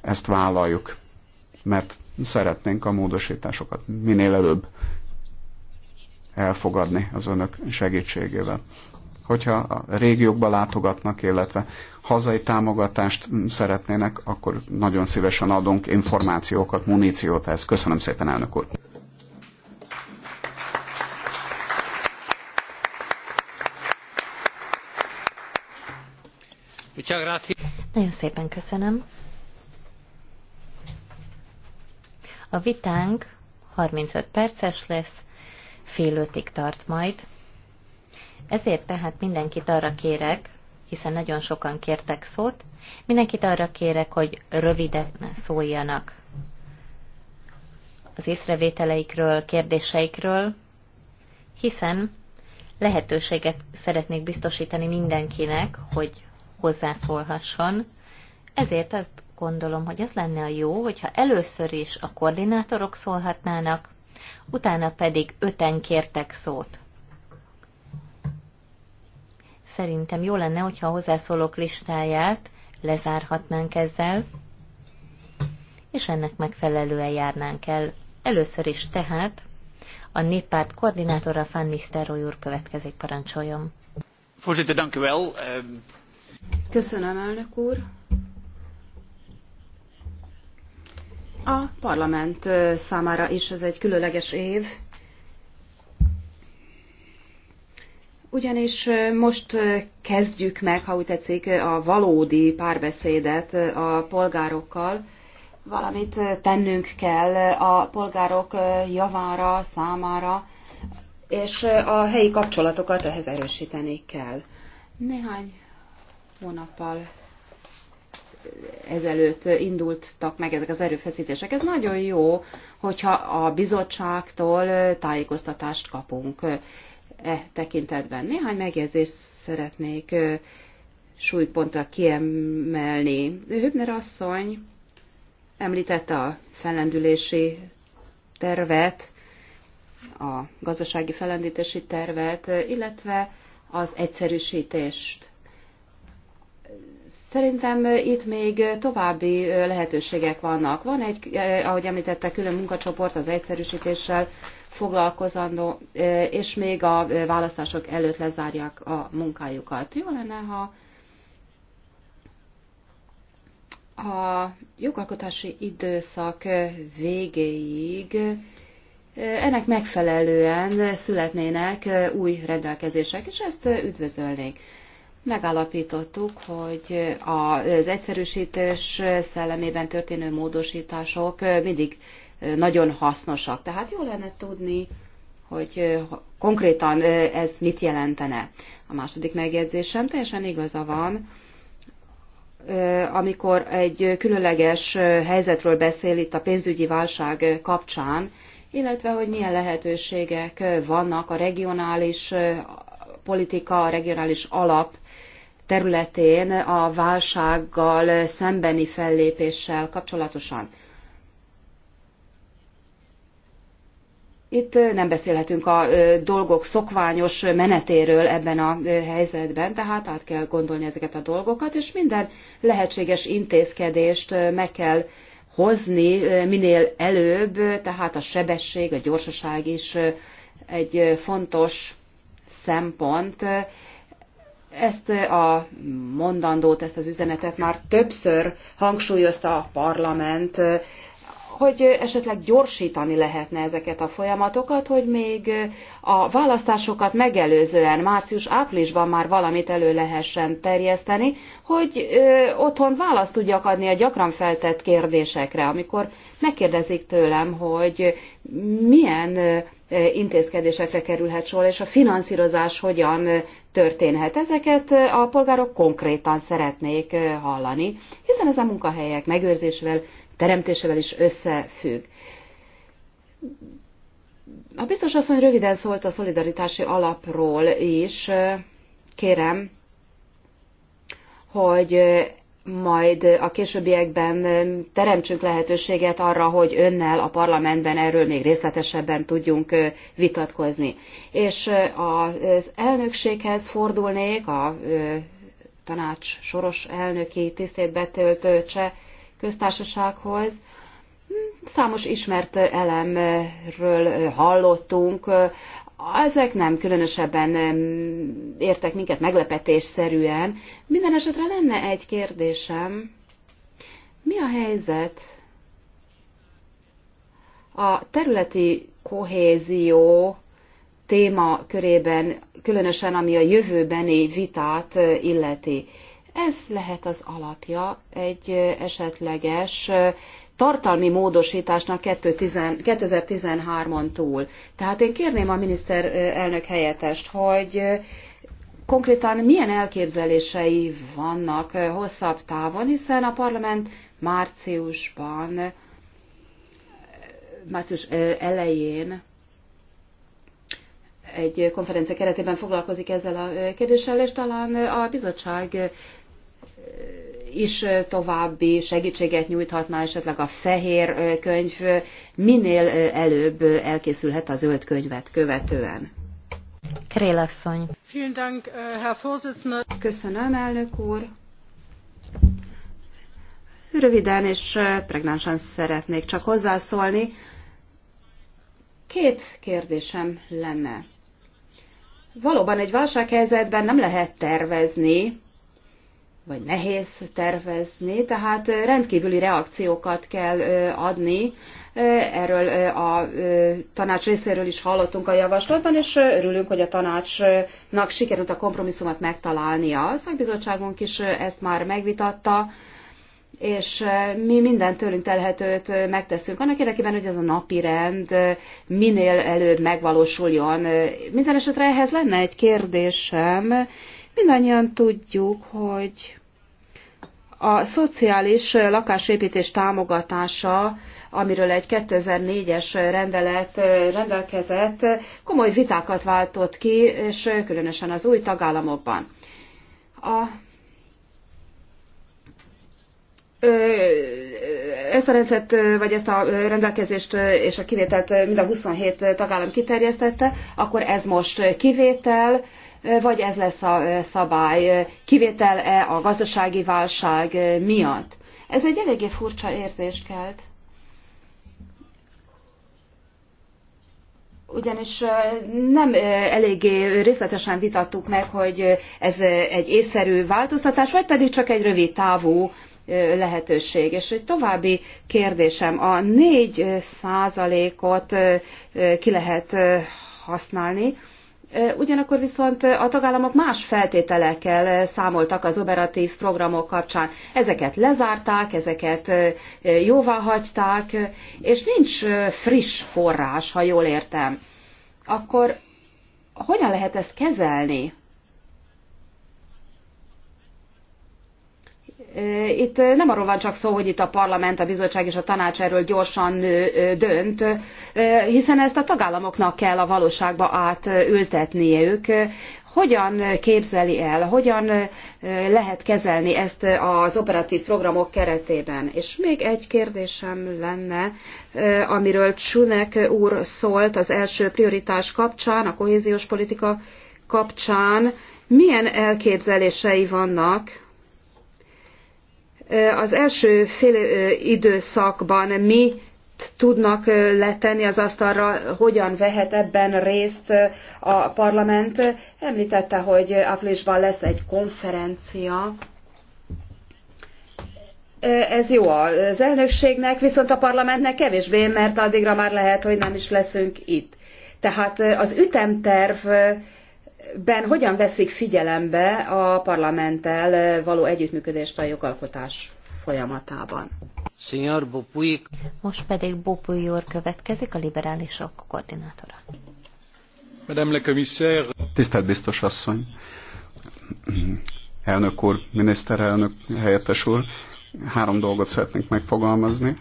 ezt vállaljuk, mert szeretnénk a módosításokat minél előbb elfogadni az önök segítségével. Hogyha a régiókba látogatnak, illetve hazai támogatást szeretnének, akkor nagyon szívesen adunk információkat, muníciót ehhez. Köszönöm szépen, elnök úr! Nagyon szépen köszönöm. A vitánk 35 perces lesz, fél ötig tart majd. Ezért tehát mindenkit arra kérek, hiszen nagyon sokan kértek szót, mindenkit arra kérek, hogy röviden szóljanak az észrevételeikről, kérdéseikről, hiszen lehetőséget szeretnék biztosítani mindenkinek, hogy hozzászólhasson. Ezért azt gondolom, hogy az lenne a jó, hogyha először is a koordinátorok szólhatnának, utána pedig öten kértek szót. Szerintem jó lenne, hogyha a hozzászólók listáját lezárhatnánk ezzel, és ennek megfelelően járnánk el. Először is tehát a néppárt koordinátora Fanny Sterroy úr következik, parancsoljon. Voorzitter, dank u wel. Ehm, Köszönöm, elnök úr. A parlament számára is ez egy különleges év, ugyanis most kezdjük meg, ha úgy tetszik, a valódi párbeszédet a polgárokkal, valamit tennünk kell a polgárok javára, számára, és a helyi kapcsolatokat ehhez erősíteni kell. Néhány hónappal ezelőtt indultak meg ezek az erőfeszítések. Ez nagyon jó, hogyha a bizottságtól tájékoztatást kapunk e tekintetben. Néhány megjegyzést szeretnék súlypontra kiemelni. Hübner asszony említette a fellendülési tervet, a gazdasági fellendítési tervet, illetve az egyszerűsítést. Szerintem itt még további lehetőségek vannak. Van egy, ahogy említette, külön munkacsoport az egyszerűsítéssel foglalkozandó, és még a választások előtt lezárják a munkájukat. Jó lenne, ha a jogalkotási időszak végéig ennek megfelelően születnének új rendelkezések, és ezt üdvözölnék megállapítottuk, hogy az egyszerűsítés szellemében történő módosítások mindig nagyon hasznosak. Tehát jó lenne tudni, hogy konkrétan ez mit jelentene. A második megjegyzésem teljesen igaza van, amikor egy különleges helyzetről beszél itt a pénzügyi válság kapcsán, illetve hogy milyen lehetőségek vannak a regionális politika, a regionális alap területén a válsággal szembeni fellépéssel kapcsolatosan. Itt nem beszélhetünk a dolgok szokványos menetéről ebben a helyzetben, tehát át kell gondolni ezeket a dolgokat, és minden lehetséges intézkedést meg kell hozni minél előbb, tehát a sebesség, a gyorsaság is egy fontos szempont, ezt a mondandót, ezt az üzenetet már többször hangsúlyozta a parlament hogy esetleg gyorsítani lehetne ezeket a folyamatokat, hogy még a választásokat megelőzően március-áprilisban már valamit elő lehessen terjeszteni, hogy otthon választ tudjak adni a gyakran feltett kérdésekre, amikor megkérdezik tőlem, hogy milyen intézkedésekre kerülhet sor, és a finanszírozás hogyan történhet. Ezeket a polgárok konkrétan szeretnék hallani, hiszen ez a munkahelyek megőrzésével teremtésével is összefügg. A biztos asszony röviden szólt a szolidaritási alapról is. Kérem, hogy majd a későbbiekben teremtsünk lehetőséget arra, hogy önnel a parlamentben erről még részletesebben tudjunk vitatkozni. És az elnökséghez fordulnék, a tanács soros elnöki tisztét betöltő cseh köztársasághoz. Számos ismert elemről hallottunk, ezek nem különösebben értek minket meglepetésszerűen. Minden esetre lenne egy kérdésem. Mi a helyzet a területi kohézió témakörében, különösen ami a jövőbeni vitát illeti? Ez lehet az alapja egy esetleges tartalmi módosításnak 2013-on túl. Tehát én kérném a miniszterelnök helyettest, hogy konkrétan milyen elképzelései vannak hosszabb távon, hiszen a parlament márciusban, március elején egy konferencia keretében foglalkozik ezzel a kérdéssel, és talán a bizottság is további segítséget nyújthatna, esetleg a fehér könyv minél előbb elkészülhet a zöld könyvet követően. Krélasszony. Köszönöm, elnök úr. Röviden és pregnánsan szeretnék csak hozzászólni. Két kérdésem lenne. Valóban egy válsághelyzetben nem lehet tervezni, vagy nehéz tervezni, tehát rendkívüli reakciókat kell adni. Erről a tanács részéről is hallottunk a javaslatban, és örülünk, hogy a tanácsnak sikerült a kompromisszumot megtalálnia. A szakbizottságunk is ezt már megvitatta, és mi minden tőlünk telhetőt megteszünk annak érdekében, hogy ez a napi rend minél előbb megvalósuljon. Minden esetre ehhez lenne egy kérdésem, Mindannyian tudjuk, hogy a szociális lakásépítés támogatása, amiről egy 2004-es rendelet rendelkezett, komoly vitákat váltott ki, és különösen az új tagállamokban. A ezt a rendszert, vagy ezt a rendelkezést és a kivételt mind a 27 tagállam kiterjesztette, akkor ez most kivétel, vagy ez lesz a eh, szabály, eh, kivétel-e a gazdasági válság eh, miatt. Ez egy eléggé furcsa érzést kelt. Ugyanis nem eléggé részletesen vitattuk meg, hogy ez egy észszerű változtatás, vagy pedig csak egy rövid távú lehetőség. És egy további kérdésem, a 4 százalékot ki lehet használni, Ugyanakkor viszont a tagállamok más feltételekkel számoltak az operatív programok kapcsán. Ezeket lezárták, ezeket jóvá hagyták, és nincs friss forrás, ha jól értem. Akkor hogyan lehet ezt kezelni? Itt nem arról van csak szó, hogy itt a parlament, a bizottság és a tanács erről gyorsan dönt, hiszen ezt a tagállamoknak kell a valóságba átültetniük. Hogyan képzeli el, hogyan lehet kezelni ezt az operatív programok keretében? És még egy kérdésem lenne, amiről Csunek úr szólt az első prioritás kapcsán, a kohéziós politika kapcsán. Milyen elképzelései vannak az első fél időszakban mi tudnak letenni az asztalra, hogyan vehet ebben részt a parlament. Említette, hogy áprilisban lesz egy konferencia. Ez jó az elnökségnek, viszont a parlamentnek kevésbé, mert addigra már lehet, hogy nem is leszünk itt. Tehát az ütemterv ben hogyan veszik figyelembe a parlamenttel való együttműködést a jogalkotás folyamatában. Signor Bopuik. Most pedig Bopui úr következik, a liberálisok koordinátora. Madame la commissaire. Tisztelt biztos asszony, elnök úr, miniszterelnök helyettes úr, három dolgot szeretnénk megfogalmazni.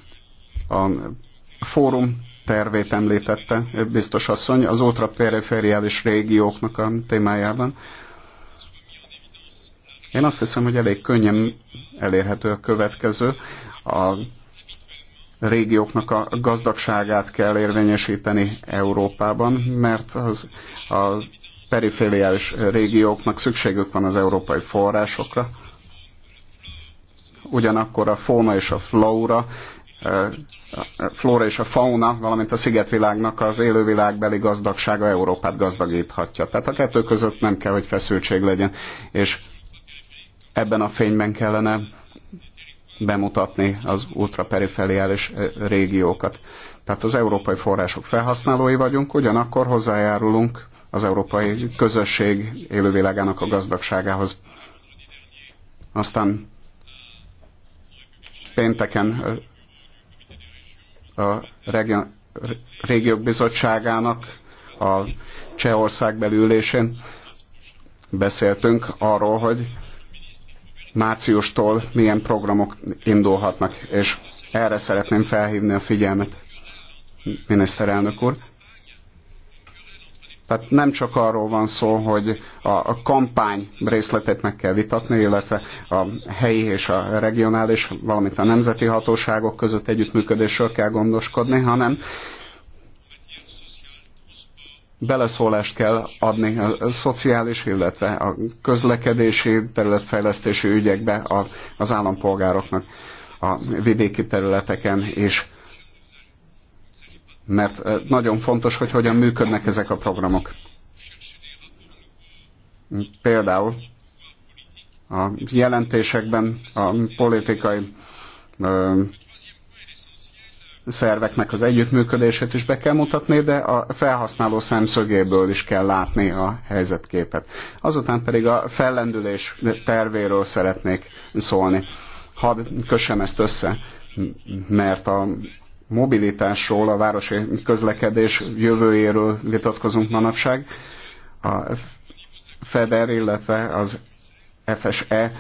A fórum tervét említette biztos asszony az ultraperifériális régióknak a témájában. Én azt hiszem, hogy elég könnyen elérhető a következő. A régióknak a gazdagságát kell érvényesíteni Európában, mert az, a perifériális régióknak szükségük van az európai forrásokra. Ugyanakkor a fóna és a flóra flóra és a fauna, valamint a szigetvilágnak az élővilágbeli gazdagsága Európát gazdagíthatja. Tehát a kettő között nem kell, hogy feszültség legyen, és ebben a fényben kellene bemutatni az ultraperifériális régiókat. Tehát az európai források felhasználói vagyunk, ugyanakkor hozzájárulunk az európai közösség élővilágának a gazdagságához. Aztán pénteken a region, régiók bizottságának a Csehország belülésén beszéltünk arról, hogy márciustól milyen programok indulhatnak, és erre szeretném felhívni a figyelmet, miniszterelnök úr. Tehát nem csak arról van szó, hogy a kampány részletét meg kell vitatni, illetve a helyi és a regionális, valamint a nemzeti hatóságok között együttműködésről kell gondoskodni, hanem beleszólást kell adni a szociális, illetve a közlekedési, területfejlesztési ügyekbe az állampolgároknak a vidéki területeken is mert nagyon fontos, hogy hogyan működnek ezek a programok. Például a jelentésekben a politikai ö, szerveknek az együttműködését is be kell mutatni, de a felhasználó szemszögéből is kell látni a helyzetképet. Azután pedig a fellendülés tervéről szeretnék szólni. Hadd kössem ezt össze, mert a mobilitásról, a városi közlekedés jövőjéről vitatkozunk manapság. A FEDER, illetve az FSE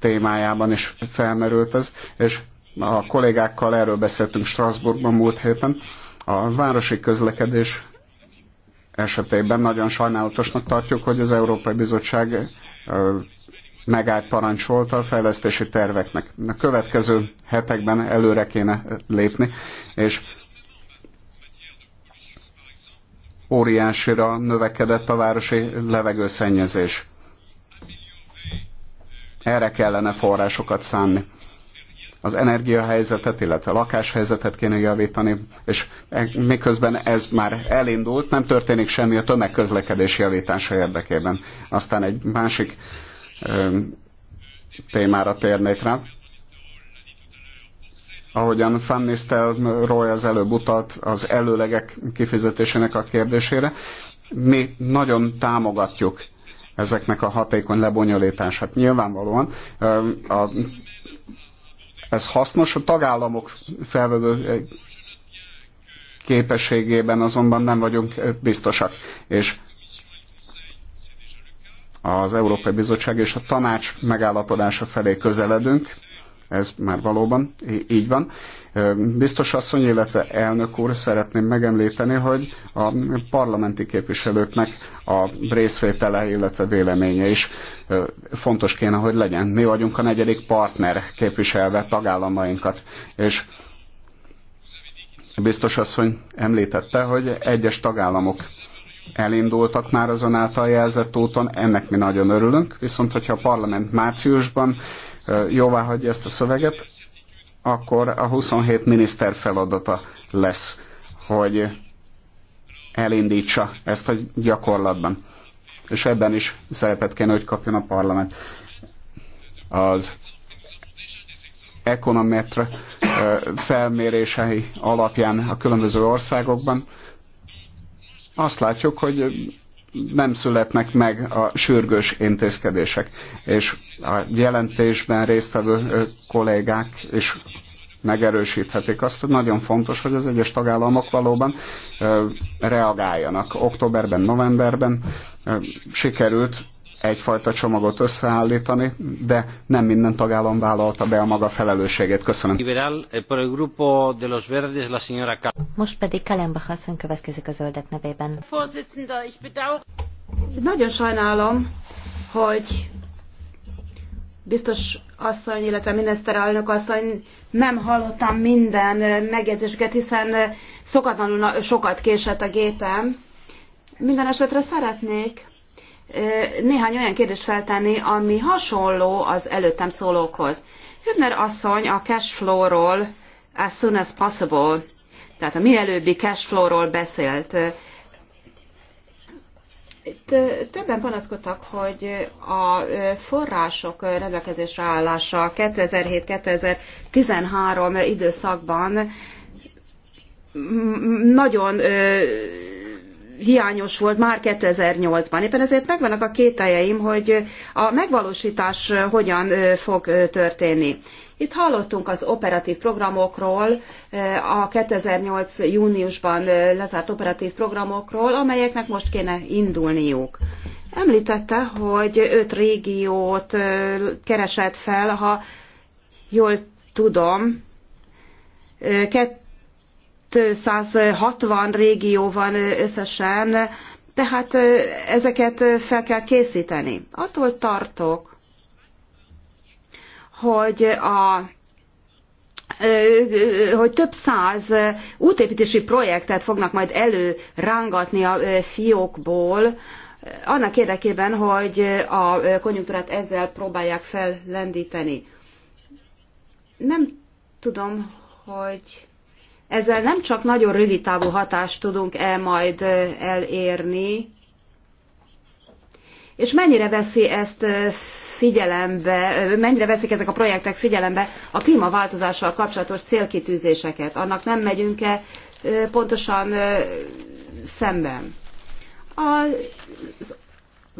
témájában is felmerült ez, és a kollégákkal erről beszéltünk Strasbourgban múlt héten. A városi közlekedés esetében nagyon sajnálatosnak tartjuk, hogy az Európai Bizottság megállt parancsolta a fejlesztési terveknek. A következő hetekben előre kéne lépni, és óriásira növekedett a városi levegőszennyezés. Erre kellene forrásokat szánni. Az energiahelyzetet, illetve a lakáshelyzetet kéne javítani, és e- miközben ez már elindult, nem történik semmi a tömegközlekedés javítása érdekében. Aztán egy másik témára térnék rá. Ahogyan Van Nistelrooy az előbb utalt az előlegek kifizetésének a kérdésére, mi nagyon támogatjuk ezeknek a hatékony lebonyolítását. Nyilvánvalóan a, ez hasznos, a tagállamok felvevő képességében azonban nem vagyunk biztosak. És az Európai Bizottság és a tanács megállapodása felé közeledünk, ez már valóban így van. Biztos asszony, illetve elnök úr szeretném megemlíteni, hogy a parlamenti képviselőknek a részvétele, illetve véleménye is fontos kéne, hogy legyen. Mi vagyunk a negyedik partner képviselve tagállamainkat, és biztos asszony említette, hogy egyes tagállamok elindultak már azon által jelzett úton, ennek mi nagyon örülünk, viszont hogyha a parlament márciusban jóvá hagyja ezt a szöveget, akkor a 27 miniszter feladata lesz, hogy elindítsa ezt a gyakorlatban. És ebben is szerepet kéne, hogy kapjon a parlament. Az ekonometra felmérései alapján a különböző országokban azt látjuk, hogy nem születnek meg a sürgős intézkedések, és a jelentésben résztvevő kollégák is megerősíthetik azt, hogy nagyon fontos, hogy az egyes tagállamok valóban reagáljanak. Októberben, novemberben sikerült egyfajta csomagot összeállítani, de nem minden tagállam vállalta be a maga felelősségét. Köszönöm. Most pedig Kalemba Hasson következik a zöldek nevében. Nagyon sajnálom, hogy biztos asszony, illetve miniszterelnök asszony, nem hallottam minden eh, megjegyzéseket, hiszen eh, szokatlanul sokat késett a gépem. Minden esetre szeretnék néhány olyan kérdést feltenni, ami hasonló az előttem szólókhoz. Hübner asszony a cash flow-ról as soon as possible, tehát a mielőbbi cash flow-ról beszélt. Itt többen panaszkodtak, hogy a források rendelkezésre állása 2007-2013 időszakban nagyon hiányos volt már 2008-ban. Éppen ezért megvannak a kételjeim, hogy a megvalósítás hogyan fog történni. Itt hallottunk az operatív programokról, a 2008. júniusban lezárt operatív programokról, amelyeknek most kéne indulniuk. Említette, hogy öt régiót keresett fel, ha jól tudom, 260 régió van összesen, tehát ezeket fel kell készíteni. Attól tartok, hogy a hogy több száz útépítési projektet fognak majd elő a fiókból, annak érdekében, hogy a konjunktúrát ezzel próbálják fellendíteni. Nem tudom, hogy ezzel nem csak nagyon rövid távú hatást tudunk el majd elérni, és mennyire veszi ezt figyelembe, mennyire veszik ezek a projektek figyelembe a klímaváltozással kapcsolatos célkitűzéseket? Annak nem megyünk-e pontosan szemben? Az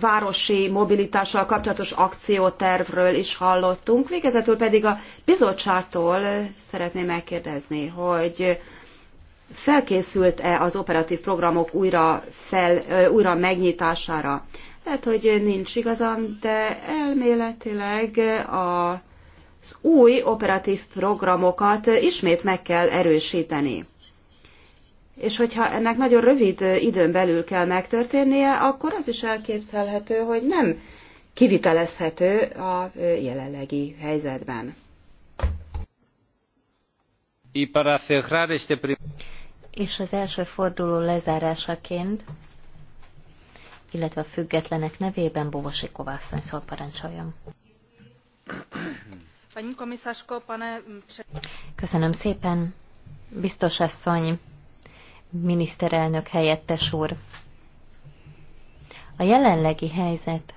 városi mobilitással kapcsolatos akciótervről is hallottunk. Végezetül pedig a bizottságtól szeretném megkérdezni, hogy felkészült-e az operatív programok újra, fel, újra megnyitására? Lehet, hogy nincs igazam, de elméletileg az új operatív programokat ismét meg kell erősíteni és hogyha ennek nagyon rövid időn belül kell megtörténnie, akkor az is elképzelhető, hogy nem kivitelezhető a jelenlegi helyzetben. És az első forduló lezárásaként, illetve a függetlenek nevében Bóvosi Kovászony szól parancsoljon. Köszönöm szépen, biztos asszony miniszterelnök helyettes úr. A jelenlegi helyzet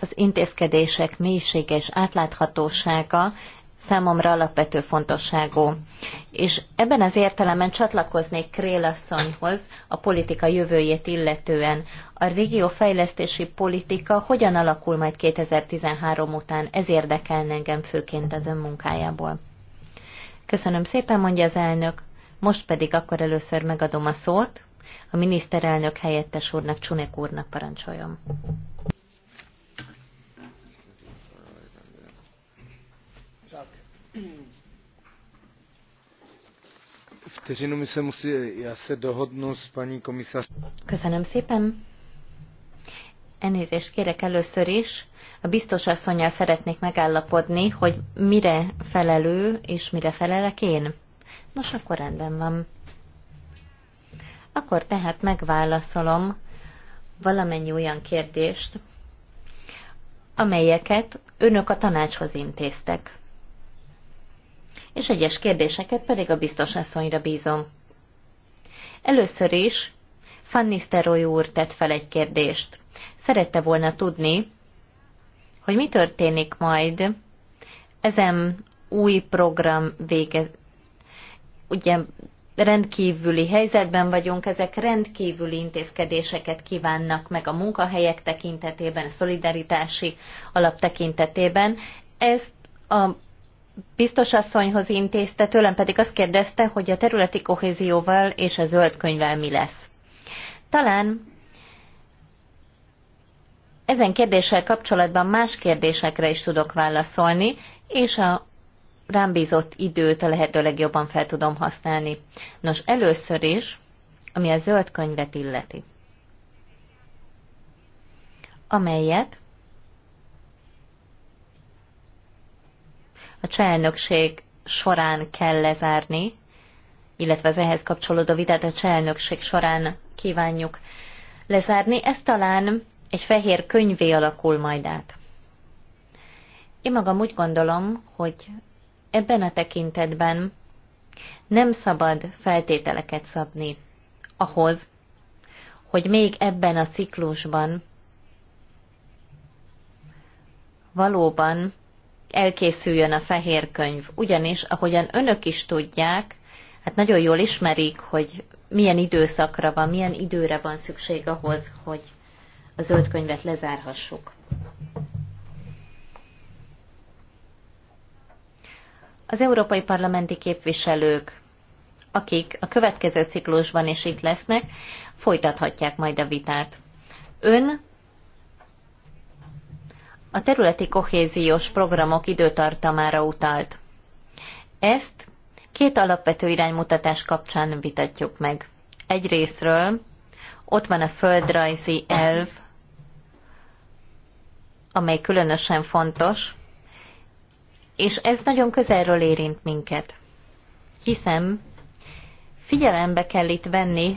az intézkedések mélysége és átláthatósága számomra alapvető fontosságú. És ebben az értelemben csatlakoznék Krélasszonyhoz a politika jövőjét illetően a régiófejlesztési politika hogyan alakul majd 2013 után. Ez érdekel engem főként az ön munkájából. Köszönöm szépen, mondja az elnök. Most pedig akkor először megadom a szót. A miniszterelnök helyettes úrnak, Csunek úrnak parancsoljon. Köszönöm szépen. Elnézést kérek először is. A biztos asszonyjal szeretnék megállapodni, hogy mire felelő és mire felelek én. Nos, akkor rendben van. Akkor tehát megválaszolom valamennyi olyan kérdést, amelyeket önök a tanácshoz intéztek. És egyes kérdéseket pedig a biztos asszonyra bízom. Először is Fannisteroy úr tett fel egy kérdést. Szerette volna tudni, hogy mi történik majd ezen új program vége. Ugye rendkívüli helyzetben vagyunk, ezek rendkívüli intézkedéseket kívánnak meg a munkahelyek tekintetében, a szolidaritási alap tekintetében. Ezt a biztosasszonyhoz intézte, tőlem pedig azt kérdezte, hogy a területi kohézióval és a zöld könyvvel mi lesz. Talán ezen kérdéssel kapcsolatban más kérdésekre is tudok válaszolni, és a rám bízott időt a lehető legjobban fel tudom használni. Nos, először is, ami a zöld könyvet illeti, amelyet a cselnökség során kell lezárni, illetve az ehhez kapcsolódó vitát a cselnökség során kívánjuk lezárni. Ez talán egy fehér könyvé alakul majd át. Én magam úgy gondolom, hogy ebben a tekintetben nem szabad feltételeket szabni ahhoz, hogy még ebben a ciklusban valóban elkészüljön a fehér könyv. Ugyanis, ahogyan önök is tudják, hát nagyon jól ismerik, hogy milyen időszakra van, milyen időre van szükség ahhoz, hogy a zöld könyvet lezárhassuk. Az európai parlamenti képviselők, akik a következő ciklusban is itt lesznek, folytathatják majd a vitát. Ön a területi kohéziós programok időtartamára utalt. Ezt két alapvető iránymutatás kapcsán vitatjuk meg. Egyrésztről ott van a földrajzi elv, amely különösen fontos, és ez nagyon közelről érint minket. Hiszem, figyelembe kell itt venni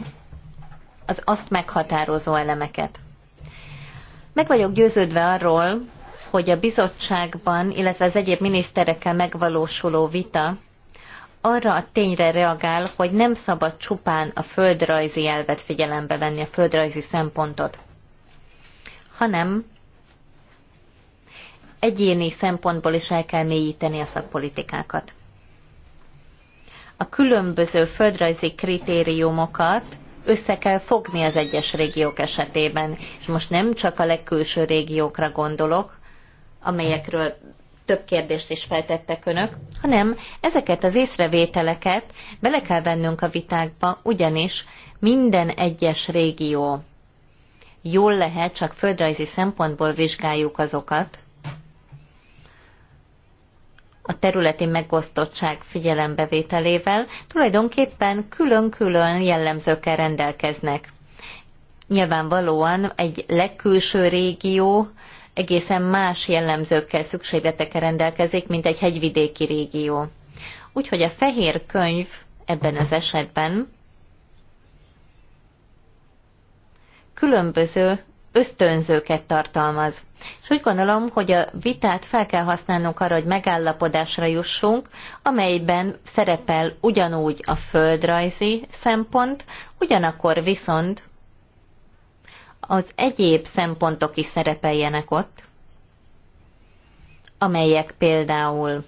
az azt meghatározó elemeket. Meg vagyok győződve arról, hogy a bizottságban, illetve az egyéb miniszterekkel megvalósuló vita arra a tényre reagál, hogy nem szabad csupán a földrajzi elvet figyelembe venni, a földrajzi szempontot, hanem egyéni szempontból is el kell mélyíteni a szakpolitikákat. A különböző földrajzi kritériumokat össze kell fogni az egyes régiók esetében, és most nem csak a legkülső régiókra gondolok, amelyekről több kérdést is feltettek önök, hanem ezeket az észrevételeket bele kell vennünk a vitákba, ugyanis minden egyes régió jól lehet, csak földrajzi szempontból vizsgáljuk azokat, a területi megosztottság figyelembevételével tulajdonképpen külön-külön jellemzőkkel rendelkeznek. Nyilvánvalóan egy legkülső régió egészen más jellemzőkkel, szükségletekkel rendelkezik, mint egy hegyvidéki régió. Úgyhogy a fehér könyv ebben az esetben különböző ösztönzőket tartalmaz. És úgy gondolom, hogy a vitát fel kell használnunk arra, hogy megállapodásra jussunk, amelyben szerepel ugyanúgy a földrajzi szempont, ugyanakkor viszont az egyéb szempontok is szerepeljenek ott, amelyek például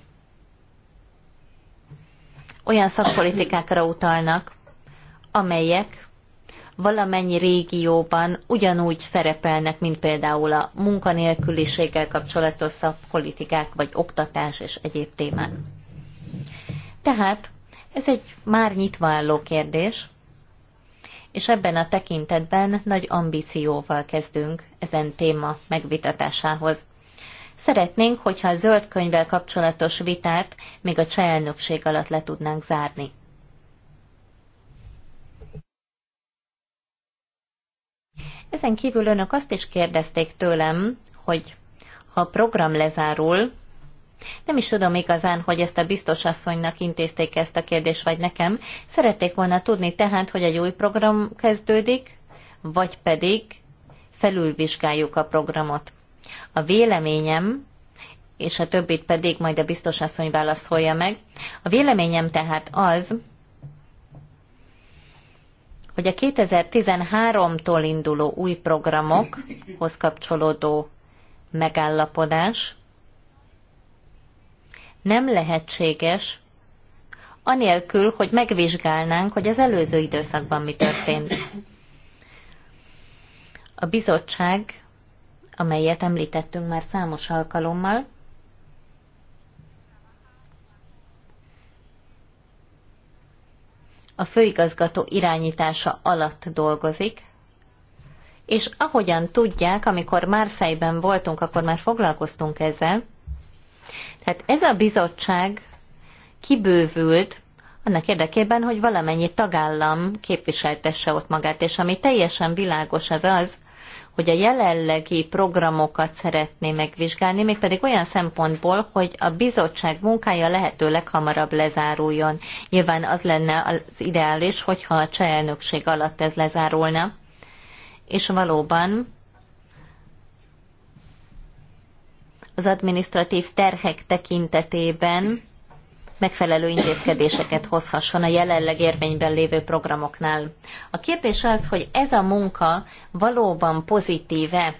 olyan szakpolitikákra utalnak, amelyek valamennyi régióban ugyanúgy szerepelnek, mint például a munkanélküliséggel kapcsolatos szakpolitikák, vagy oktatás és egyéb témák. Tehát ez egy már nyitva álló kérdés, és ebben a tekintetben nagy ambícióval kezdünk ezen téma megvitatásához. Szeretnénk, hogyha a zöld könyvvel kapcsolatos vitát még a cseh alatt le tudnánk zárni. Ezen kívül önök azt is kérdezték tőlem, hogy ha a program lezárul, nem is tudom igazán, hogy ezt a biztos asszonynak intézték -e ezt a kérdést, vagy nekem. Szerették volna tudni tehát, hogy egy új program kezdődik, vagy pedig felülvizsgáljuk a programot. A véleményem, és a többit pedig majd a biztos asszony válaszolja meg. A véleményem tehát az, hogy a 2013-tól induló új programokhoz kapcsolódó megállapodás nem lehetséges, anélkül, hogy megvizsgálnánk, hogy az előző időszakban mi történt. A bizottság, amelyet említettünk már számos alkalommal, a főigazgató irányítása alatt dolgozik, és ahogyan tudják, amikor Márszájban voltunk, akkor már foglalkoztunk ezzel, tehát ez a bizottság kibővült annak érdekében, hogy valamennyi tagállam képviseltesse ott magát, és ami teljesen világos az az, hogy a jelenlegi programokat szeretné megvizsgálni, mégpedig olyan szempontból, hogy a bizottság munkája lehető leghamarabb lezáruljon. Nyilván az lenne az ideális, hogyha a cseh elnökség alatt ez lezárulna. És valóban az administratív terhek tekintetében megfelelő intézkedéseket hozhasson a jelenleg érvényben lévő programoknál. A kérdés az, hogy ez a munka valóban pozitíve?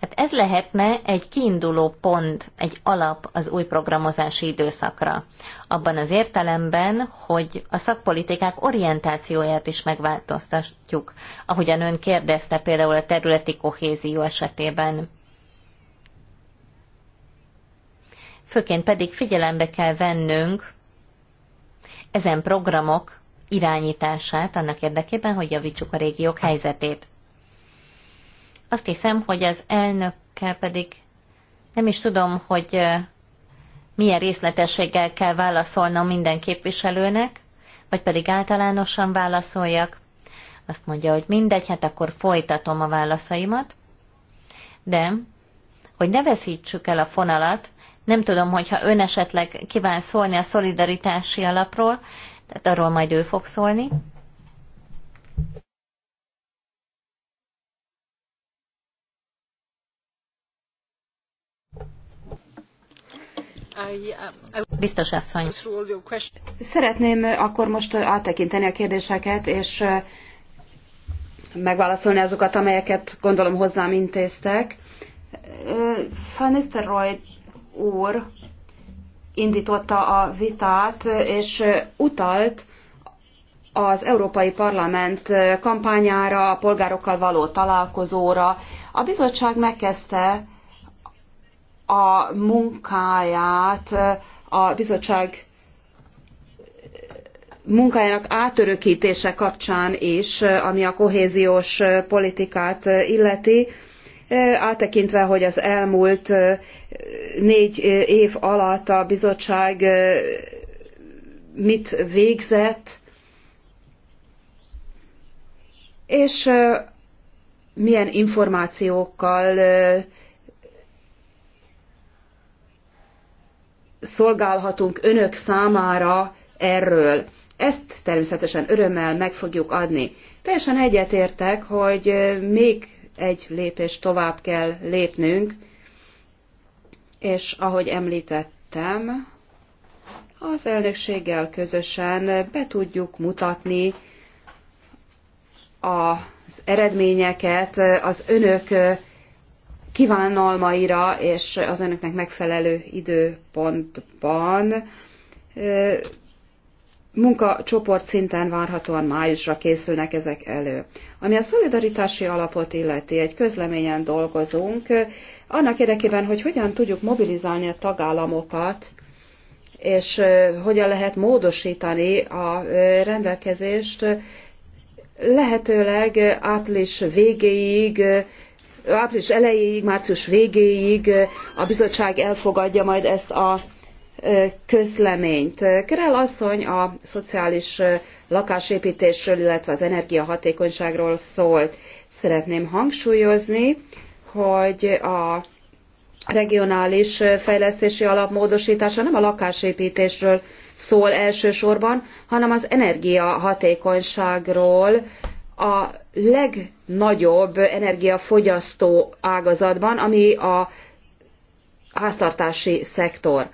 Hát ez lehetne egy kiinduló pont, egy alap az új programozási időszakra. Abban az értelemben, hogy a szakpolitikák orientációját is megváltoztatjuk, ahogyan ön kérdezte például a területi kohézió esetében. főként pedig figyelembe kell vennünk ezen programok irányítását annak érdekében, hogy javítsuk a régiók helyzetét. Azt hiszem, hogy az elnökkel pedig nem is tudom, hogy milyen részletességgel kell válaszolnom minden képviselőnek, vagy pedig általánosan válaszoljak. Azt mondja, hogy mindegy, hát akkor folytatom a válaszaimat. De, hogy ne veszítsük el a fonalat, nem tudom, hogyha ön esetleg kíván szólni a szolidaritási alapról, tehát arról majd ő fog szólni. Uh, Biztos asszony. Szeretném uh, akkor most uh, áttekinteni a kérdéseket, és megválaszolni azokat, amelyeket gondolom hozzám intéztek. Van Nistelrooy úr indította a vitát, és utalt az Európai Parlament kampányára, a polgárokkal való találkozóra. A bizottság megkezdte a munkáját, a bizottság munkájának átörökítése kapcsán is, ami a kohéziós politikát illeti áttekintve, hogy az elmúlt négy év alatt a bizottság mit végzett, és milyen információkkal szolgálhatunk önök számára erről. Ezt természetesen örömmel meg fogjuk adni. Teljesen egyetértek, hogy még egy lépés tovább kell lépnünk, és ahogy említettem, az elnökséggel közösen be tudjuk mutatni az eredményeket az önök kívánalmaira és az önöknek megfelelő időpontban munkacsoport szinten várhatóan májusra készülnek ezek elő. Ami a szolidaritási alapot illeti, egy közleményen dolgozunk, annak érdekében, hogy hogyan tudjuk mobilizálni a tagállamokat, és hogyan lehet módosítani a rendelkezést, lehetőleg április végéig, április elejéig, március végéig a bizottság elfogadja majd ezt a közleményt. Kerel asszony a szociális lakásépítésről, illetve az energiahatékonyságról szólt. Szeretném hangsúlyozni, hogy a regionális fejlesztési alap nem a lakásépítésről szól elsősorban, hanem az energiahatékonyságról a legnagyobb energiafogyasztó ágazatban, ami a háztartási szektor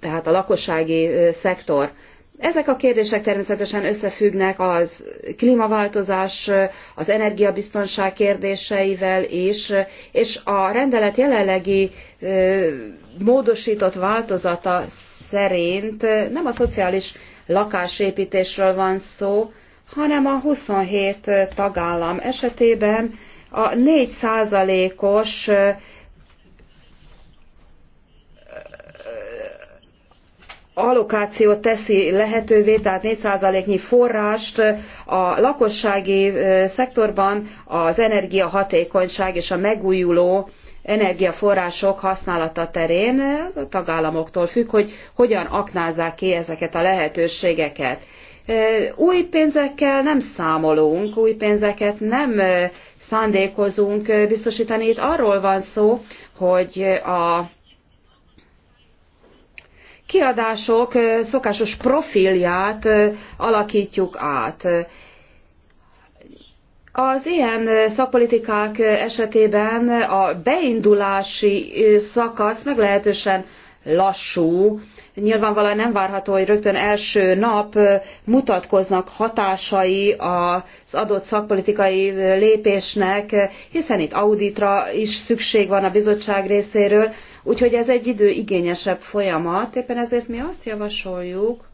tehát a lakossági szektor. Ezek a kérdések természetesen összefüggnek az klímaváltozás, az energiabiztonság kérdéseivel is, és a rendelet jelenlegi módosított változata szerint nem a szociális lakásépítésről van szó, hanem a 27 tagállam esetében a 4 százalékos allokáció teszi lehetővé, tehát 4%-nyi forrást a lakossági szektorban az energiahatékonyság és a megújuló energiaforrások használata terén az a tagállamoktól függ, hogy hogyan aknázzák ki ezeket a lehetőségeket. Új pénzekkel nem számolunk, új pénzeket nem szándékozunk biztosítani. Itt arról van szó, hogy a kiadások szokásos profilját alakítjuk át. Az ilyen szakpolitikák esetében a beindulási szakasz meglehetősen lassú. Nyilvánvalóan nem várható, hogy rögtön első nap mutatkoznak hatásai az adott szakpolitikai lépésnek, hiszen itt auditra is szükség van a bizottság részéről, Úgyhogy ez egy időigényesebb folyamat, éppen ezért mi azt javasoljuk,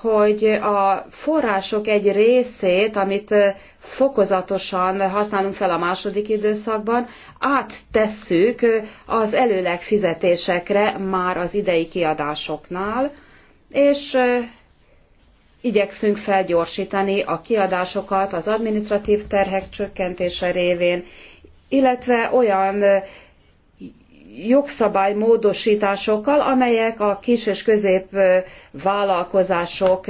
hogy a források egy részét, amit fokozatosan használunk fel a második időszakban, áttesszük az előleg fizetésekre már az idei kiadásoknál, és igyekszünk felgyorsítani a kiadásokat az administratív terhek csökkentése révén, illetve olyan jogszabály módosításokkal, amelyek a kis és közép vállalkozások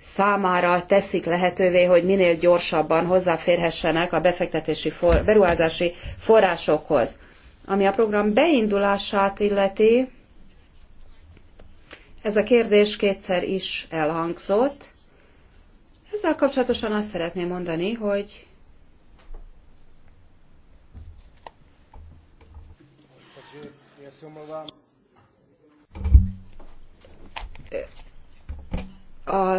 számára teszik lehetővé, hogy minél gyorsabban hozzáférhessenek a befektetési for, beruházási forrásokhoz. Ami a program beindulását illeti, ez a kérdés kétszer is elhangzott. Ezzel kapcsolatosan azt szeretném mondani, hogy A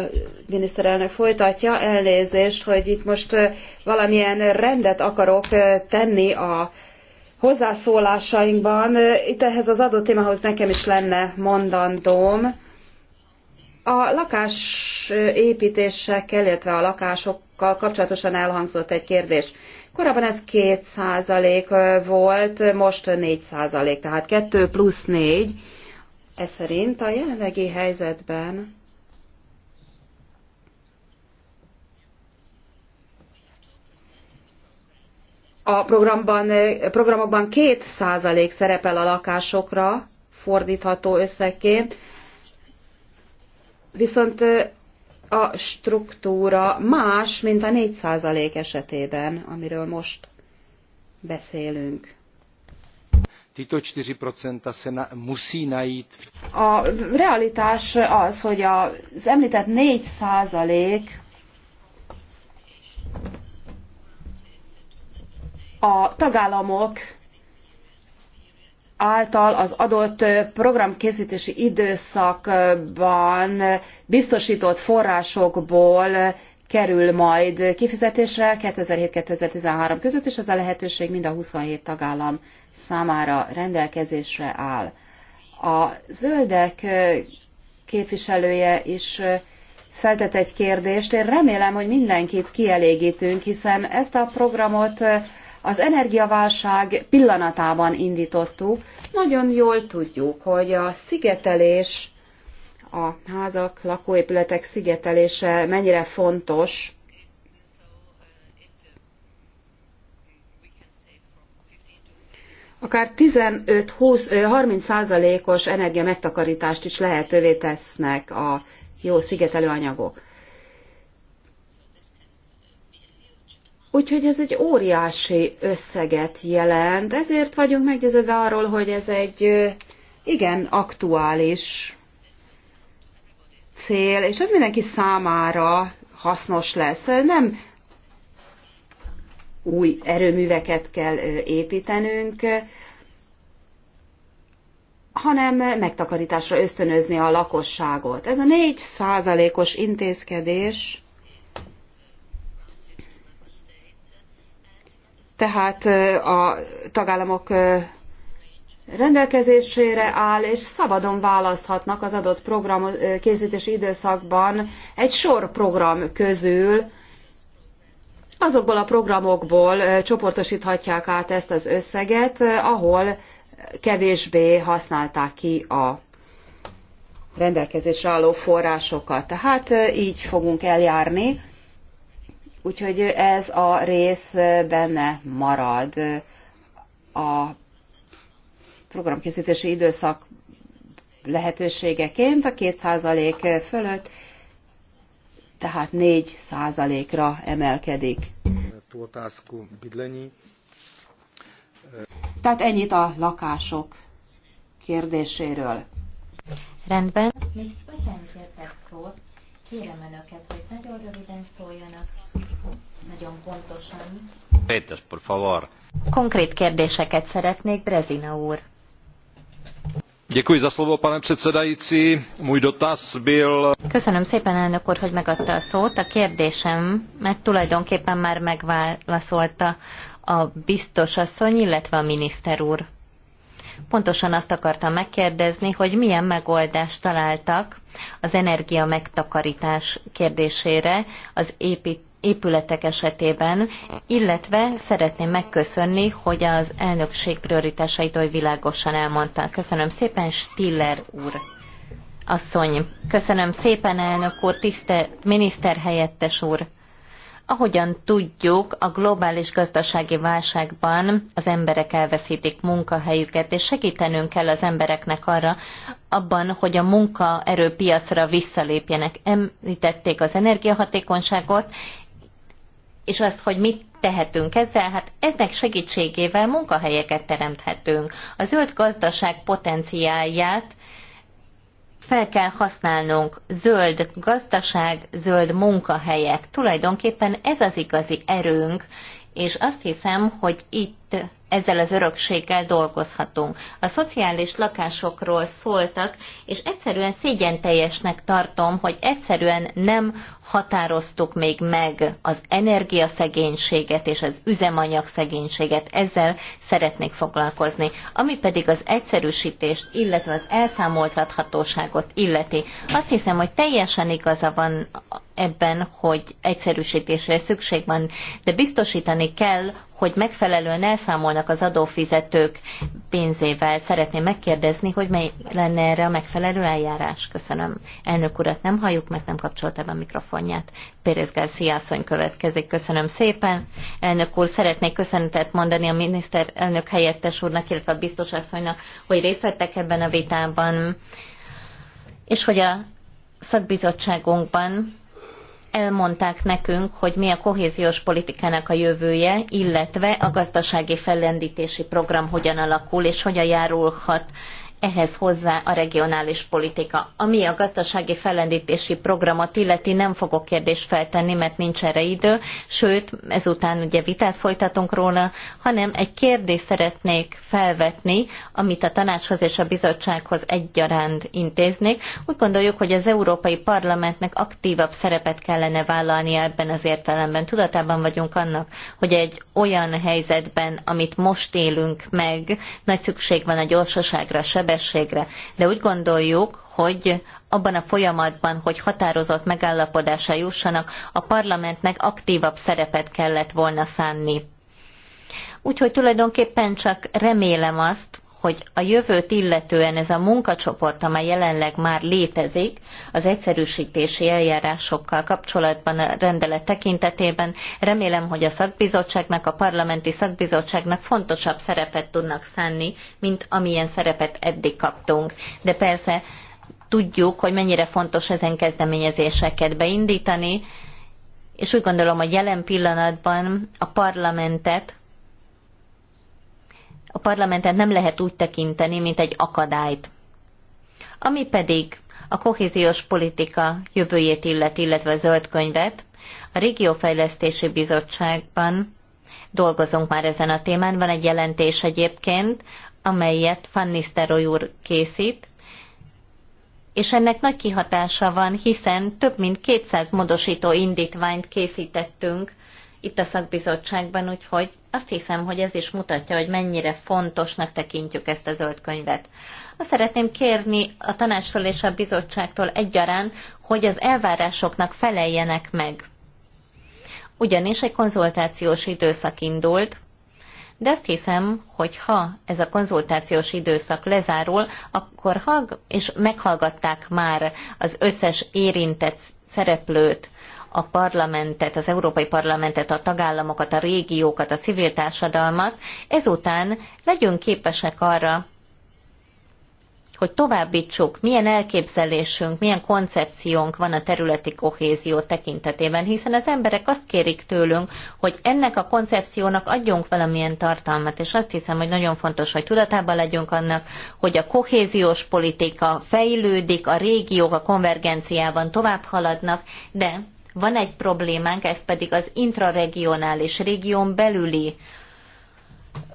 miniszterelnök folytatja, elnézést, hogy itt most valamilyen rendet akarok tenni a hozzászólásainkban. Itt ehhez az adott témához nekem is lenne mondandóm. A lakásépítésekkel, illetve a lakásokkal kapcsolatosan elhangzott egy kérdés. Korábban ez 2% volt, most 4%, tehát 2 plusz 4. Ez szerint a jelenlegi helyzetben a programban, programokban 2% szerepel a lakásokra, fordítható összegként, viszont a struktúra más, mint a 4% esetében, amiről most beszélünk. Tito 4% se na, musí najít. A realitás az, hogy az említett 4% a tagállamok által az adott programkészítési időszakban biztosított forrásokból kerül majd kifizetésre 2007-2013 között, és ez a lehetőség mind a 27 tagállam számára rendelkezésre áll. A zöldek képviselője is feltett egy kérdést. Én remélem, hogy mindenkit kielégítünk, hiszen ezt a programot az energiaválság pillanatában indítottuk. Nagyon jól tudjuk, hogy a szigetelés, a házak, lakóépületek szigetelése mennyire fontos, akár 15-30 százalékos energia megtakarítást is lehetővé tesznek a jó szigetelőanyagok. Úgyhogy ez egy óriási összeget jelent, ezért vagyunk meggyőződve arról, hogy ez egy igen aktuális cél, és ez mindenki számára hasznos lesz. Nem új erőműveket kell építenünk, hanem megtakarításra ösztönözni a lakosságot. Ez a 4 os intézkedés tehát a tagállamok rendelkezésére áll, és szabadon választhatnak az adott program készítési időszakban egy sor program közül, azokból a programokból csoportosíthatják át ezt az összeget, ahol kevésbé használták ki a rendelkezésre álló forrásokat. Tehát így fogunk eljárni. Úgyhogy ez a rész benne marad a programkészítési időszak lehetőségeként a 2% fölött, tehát 4%-ra emelkedik. Tehát ennyit a lakások kérdéséről. Rendben. Még öten kértek szót. Kérem önöket, hogy nagyon röviden szóljanak, nagyon pontosan. Péter, por favor. Konkrét kérdéseket szeretnék, Brezina úr. Děkuji za slovo, pane předsedající. Můj dotaz byl... Köszönöm szépen, elnök úr, hogy megadta a szót. A kérdésem, mert tulajdonképpen már megválaszolta a biztos asszony, illetve a miniszter úr. Pontosan azt akartam megkérdezni, hogy milyen megoldást találtak az energia megtakarítás kérdésére az épít épületek esetében, illetve szeretném megköszönni, hogy az elnökség prioritásait oly világosan elmondta. Köszönöm szépen, Stiller úr. Asszony, köszönöm szépen, elnök úr, tisztelt miniszterhelyettes úr. Ahogyan tudjuk, a globális gazdasági válságban az emberek elveszítik munkahelyüket, és segítenünk kell az embereknek arra, abban, hogy a munkaerőpiacra visszalépjenek. Említették az energiahatékonyságot, és azt, hogy mit tehetünk ezzel? Hát ennek segítségével munkahelyeket teremthetünk. A zöld gazdaság potenciálját fel kell használnunk zöld gazdaság, zöld munkahelyek. Tulajdonképpen ez az igazi erőnk, és azt hiszem, hogy itt ezzel az örökséggel dolgozhatunk. A szociális lakásokról szóltak, és egyszerűen szégyen teljesnek tartom, hogy egyszerűen nem határoztuk még meg az energiaszegénységet és az üzemanyagszegénységet. Ezzel szeretnék foglalkozni. Ami pedig az egyszerűsítést, illetve az elszámoltathatóságot illeti. Azt hiszem, hogy teljesen igaza van ebben, hogy egyszerűsítésre szükség van, de biztosítani kell, hogy megfelelően elszámolnak az adófizetők pénzével. Szeretném megkérdezni, hogy mely lenne erre a megfelelő eljárás. Köszönöm. Elnök urat nem halljuk, mert nem kapcsolta be a mikrofonját. Pérez Garcia asszony következik. Köszönöm szépen. Elnök úr, szeretnék köszönetet mondani a miniszterelnök helyettes úrnak, illetve a biztos asszonynak, hogy részt vettek ebben a vitában, és hogy a szakbizottságunkban elmondták nekünk, hogy mi a kohéziós politikának a jövője, illetve a gazdasági fellendítési program hogyan alakul és hogyan járulhat ehhez hozzá a regionális politika. Ami a gazdasági fellendítési programot illeti, nem fogok kérdést feltenni, mert nincs erre idő, sőt, ezután ugye vitát folytatunk róla, hanem egy kérdést szeretnék felvetni, amit a tanácshoz és a bizottsághoz egyaránt intéznék. Úgy gondoljuk, hogy az Európai Parlamentnek aktívabb szerepet kellene vállalnia ebben az értelemben. Tudatában vagyunk annak, hogy egy olyan helyzetben, amit most élünk meg, nagy szükség van a gyorsaságra, sebességre, sebességre, de úgy gondoljuk, hogy abban a folyamatban, hogy határozott megállapodásra jussanak, a parlamentnek aktívabb szerepet kellett volna szánni. Úgyhogy tulajdonképpen csak remélem azt, hogy a jövőt illetően ez a munkacsoport, amely jelenleg már létezik, az egyszerűsítési eljárásokkal kapcsolatban a rendelet tekintetében, remélem, hogy a szakbizottságnak, a parlamenti szakbizottságnak fontosabb szerepet tudnak szánni, mint amilyen szerepet eddig kaptunk. De persze tudjuk, hogy mennyire fontos ezen kezdeményezéseket beindítani, és úgy gondolom, hogy jelen pillanatban a parlamentet a parlamentet nem lehet úgy tekinteni, mint egy akadályt. Ami pedig a kohéziós politika jövőjét illet, illetve a zöld könyvet, a Régiófejlesztési Bizottságban dolgozunk már ezen a témán, van egy jelentés egyébként, amelyet Van Nisteroy úr készít, és ennek nagy kihatása van, hiszen több mint 200 módosító indítványt készítettünk itt a szakbizottságban, úgyhogy azt hiszem, hogy ez is mutatja, hogy mennyire fontosnak tekintjük ezt a zöld könyvet. Azt szeretném kérni a tanácsról és a bizottságtól egyaránt, hogy az elvárásoknak feleljenek meg. Ugyanis egy konzultációs időszak indult, de azt hiszem, hogy ha ez a konzultációs időszak lezárul, akkor hallg- és meghallgatták már az összes érintett szereplőt, a parlamentet, az Európai Parlamentet, a tagállamokat, a régiókat, a civil társadalmat, ezután legyünk képesek arra, hogy továbbítsuk, milyen elképzelésünk, milyen koncepciónk van a területi kohézió tekintetében, hiszen az emberek azt kérik tőlünk, hogy ennek a koncepciónak adjunk valamilyen tartalmat, és azt hiszem, hogy nagyon fontos, hogy tudatában legyünk annak, hogy a kohéziós politika fejlődik, a régiók a konvergenciában tovább haladnak, de van egy problémánk, ez pedig az intraregionális régión belüli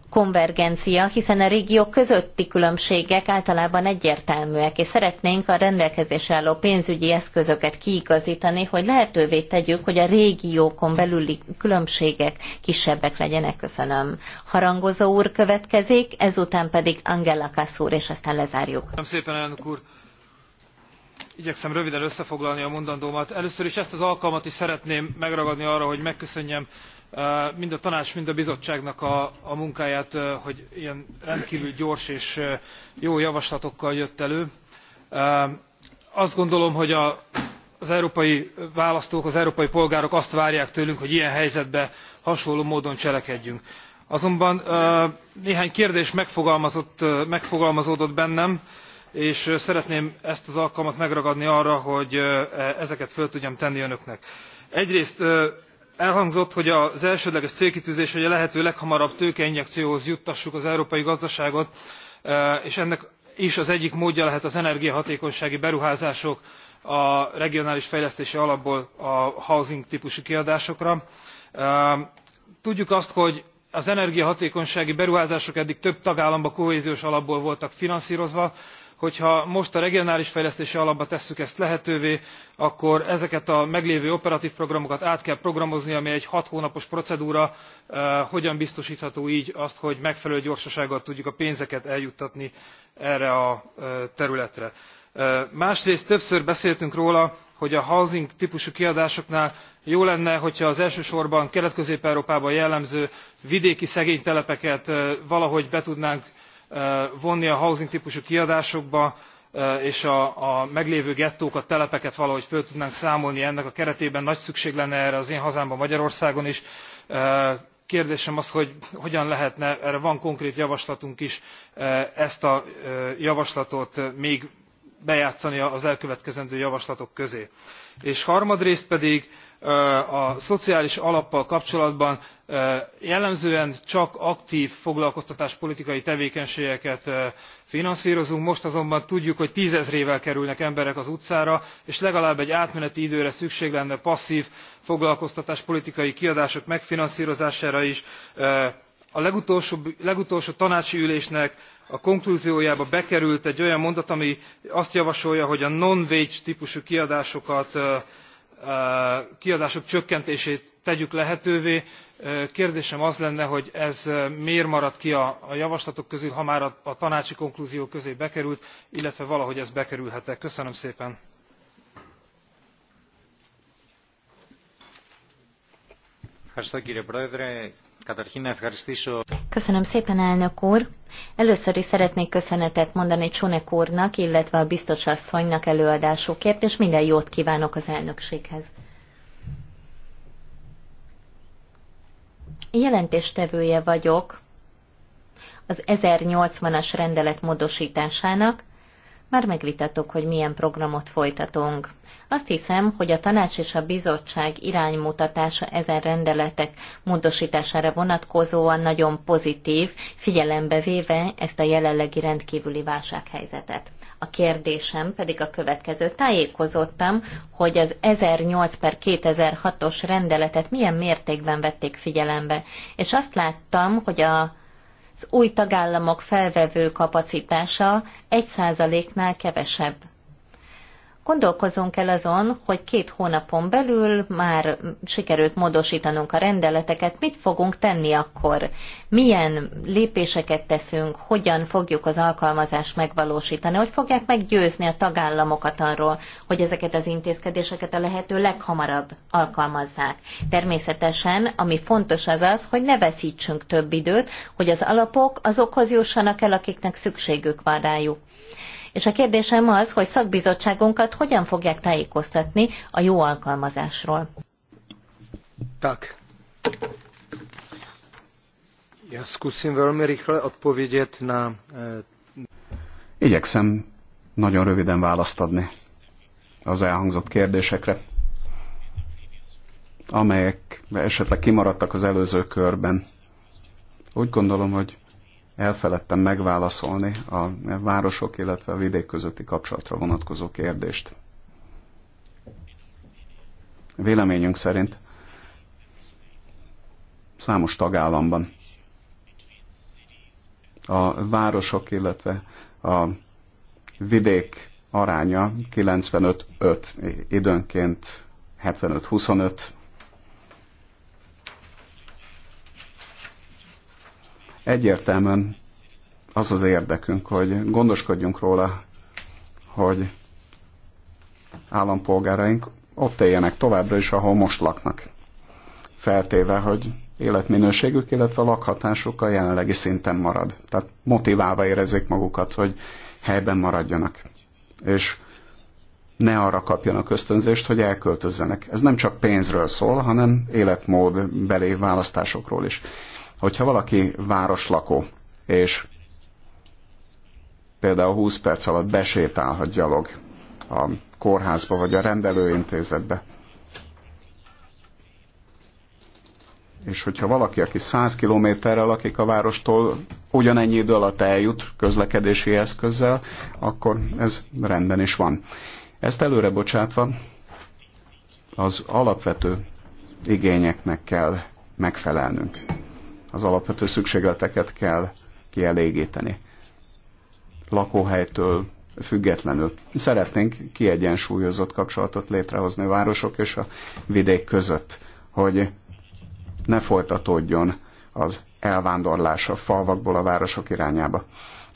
konvergencia, hiszen a régiók közötti különbségek általában egyértelműek, és szeretnénk a rendelkezésre álló pénzügyi eszközöket kiigazítani, hogy lehetővé tegyük, hogy a régiókon belüli különbségek kisebbek legyenek. Köszönöm. Harangozó úr következik, ezután pedig Angela Kassz úr, és aztán lezárjuk. Köszönöm szépen, elnök úr igyekszem röviden összefoglalni a mondandómat. először is ezt az alkalmat is szeretném megragadni arra hogy megköszönjem eh, mind a tanács mind a bizottságnak a, munkáját eh, hogy ilyen rendkvül gyors és eh, jó javaslatokkal jött elő. azt gondolom hogy a, az európai választók az európai polgárok azt várják tőlünk hogy ilyen helyzetben hasonló módon cselekedjünk. azonban néhány kérdés megfogalmazódott bennem és szeretném ezt az alkalmat megragadni arra hogy e, ezeket föl tudjam tenni önöknek. egyrészt elhangzott hogy az elsődleges célkitűzés hogy a lehető leghamarabb tőkeinjekcióhoz juttassuk az európai gazdaságot és ennek is az egyik módja lehet az energiahatékonysági beruházások a regionális fejlesztési alapból a housing tpusú kiadásokra. tudjuk azt hogy az energiahatékonysági beruházások eddig több tagállamban kohéziós alapból voltak finanszrozva hogyha most a regionális fejlesztési alapba tesszük ezt lehetővé akkor ezeket a meglévő operatv programokat át kell programozni ami egy hat hónapos procedúra eh, hogyan biztostható gy azt hogy megfelelő gyorsasággal tudjuk a pénzeket eljuttatni erre a eh, területre. Eh, másrészt többször beszéltünk róla hogy a housing tpusú kiadásoknál jó lenne hogyha az elsősorban kelet közép európában jellemző vidéki szegénytelepeket valahogy be tudnánk vonni a housing típusú kiadásokba és a, a meglévő gettókat telepeket valahogy föl tudnánk számolni ennek a keretében nagy szükség lenne erre az én hazámban magyarországon is kérdésem az hogy hogyan lehetne erre van konkrét javaslatunk is ezt a javaslatot még bejátszani az elkövetkezendő javaslatok közé. és harmadrészt pedig a szociális alappal kapcsolatban jellemzően csak aktv foglalkoztatáspolitikai tevékenységeket finanszrozunk most azonban tudjuk hogy tzezrével kerülnek emberek az utcára és legalább egy átmeneti időre szükség lenne passzv foglalkoztatáspolitikai kiadások megfinanszrozására is. a legutolsó, tanácsi ülésnek a konklúziójába bekerült egy olyan mondat ami azt javasolja hogy a non wage tpusú kiadásokat kiadások csökkentését tegyük lehetővé. kérdésem az lenne hogy ez miért maradt ki a javaslatok közül ha már a tanácsi konklúziók közé bekerült illetve valahogy ez bekerülhet e? köszönöm szépen. Köszönöm szépen, elnök úr! Először is szeretnék köszönetet mondani Csonek úrnak, illetve a biztos asszonynak előadásukért, és minden jót kívánok az elnökséghez. Jelentéstevője vagyok az 1080-as rendelet módosításának, már megvitatok, hogy milyen programot folytatunk. Azt hiszem, hogy a tanács és a bizottság iránymutatása ezen rendeletek módosítására vonatkozóan nagyon pozitív, figyelembe véve ezt a jelenlegi rendkívüli válsághelyzetet. A kérdésem pedig a következő. Tájékozottam, hogy az 1008 per 2006-os rendeletet milyen mértékben vették figyelembe, és azt láttam, hogy a az új tagállamok felvevő kapacitása 1%-nál kevesebb. Gondolkozunk el azon, hogy két hónapon belül már sikerült módosítanunk a rendeleteket, mit fogunk tenni akkor, milyen lépéseket teszünk, hogyan fogjuk az alkalmazást megvalósítani, hogy fogják meggyőzni a tagállamokat arról, hogy ezeket az intézkedéseket a lehető leghamarabb alkalmazzák. Természetesen, ami fontos az az, hogy ne veszítsünk több időt, hogy az alapok azokhoz jussanak el, akiknek szükségük van rájuk. És a kérdésem az, hogy szakbizottságunkat hogyan fogják tájékoztatni a jó alkalmazásról. Tak. Ja zkusím velmi rychle odpovědět na... E, Igyekszem nagyon röviden választ adni az elhangzott kérdésekre, amelyek esetleg kimaradtak az előző körben. Úgy gondolom, hogy elfeledtem megválaszolni a városok, illetve a vidék közötti kapcsolatra vonatkozó kérdést. Véleményünk szerint számos tagállamban a városok, illetve a vidék aránya 95-5, időnként 75-25 Egyértelműen az az érdekünk, hogy gondoskodjunk róla, hogy állampolgáraink ott éljenek továbbra is, ahol most laknak. Feltéve, hogy életminőségük, illetve lakhatásuk a jelenlegi szinten marad. Tehát motiválva érezzék magukat, hogy helyben maradjanak. És ne arra kapjanak ösztönzést, hogy elköltözzenek. Ez nem csak pénzről szól, hanem életmód belé választásokról is. Hogyha valaki városlakó, és például 20 perc alatt besétálhat gyalog a kórházba vagy a rendelőintézetbe, és hogyha valaki, aki 100 kilométerre lakik a várostól, ugyanennyi idő alatt eljut közlekedési eszközzel, akkor ez rendben is van. Ezt előre bocsátva az alapvető igényeknek kell megfelelnünk az alapvető szükségleteket kell kielégíteni. Lakóhelytől függetlenül. Szeretnénk kiegyensúlyozott kapcsolatot létrehozni a városok és a vidék között, hogy ne folytatódjon az elvándorlás a falvakból a városok irányába.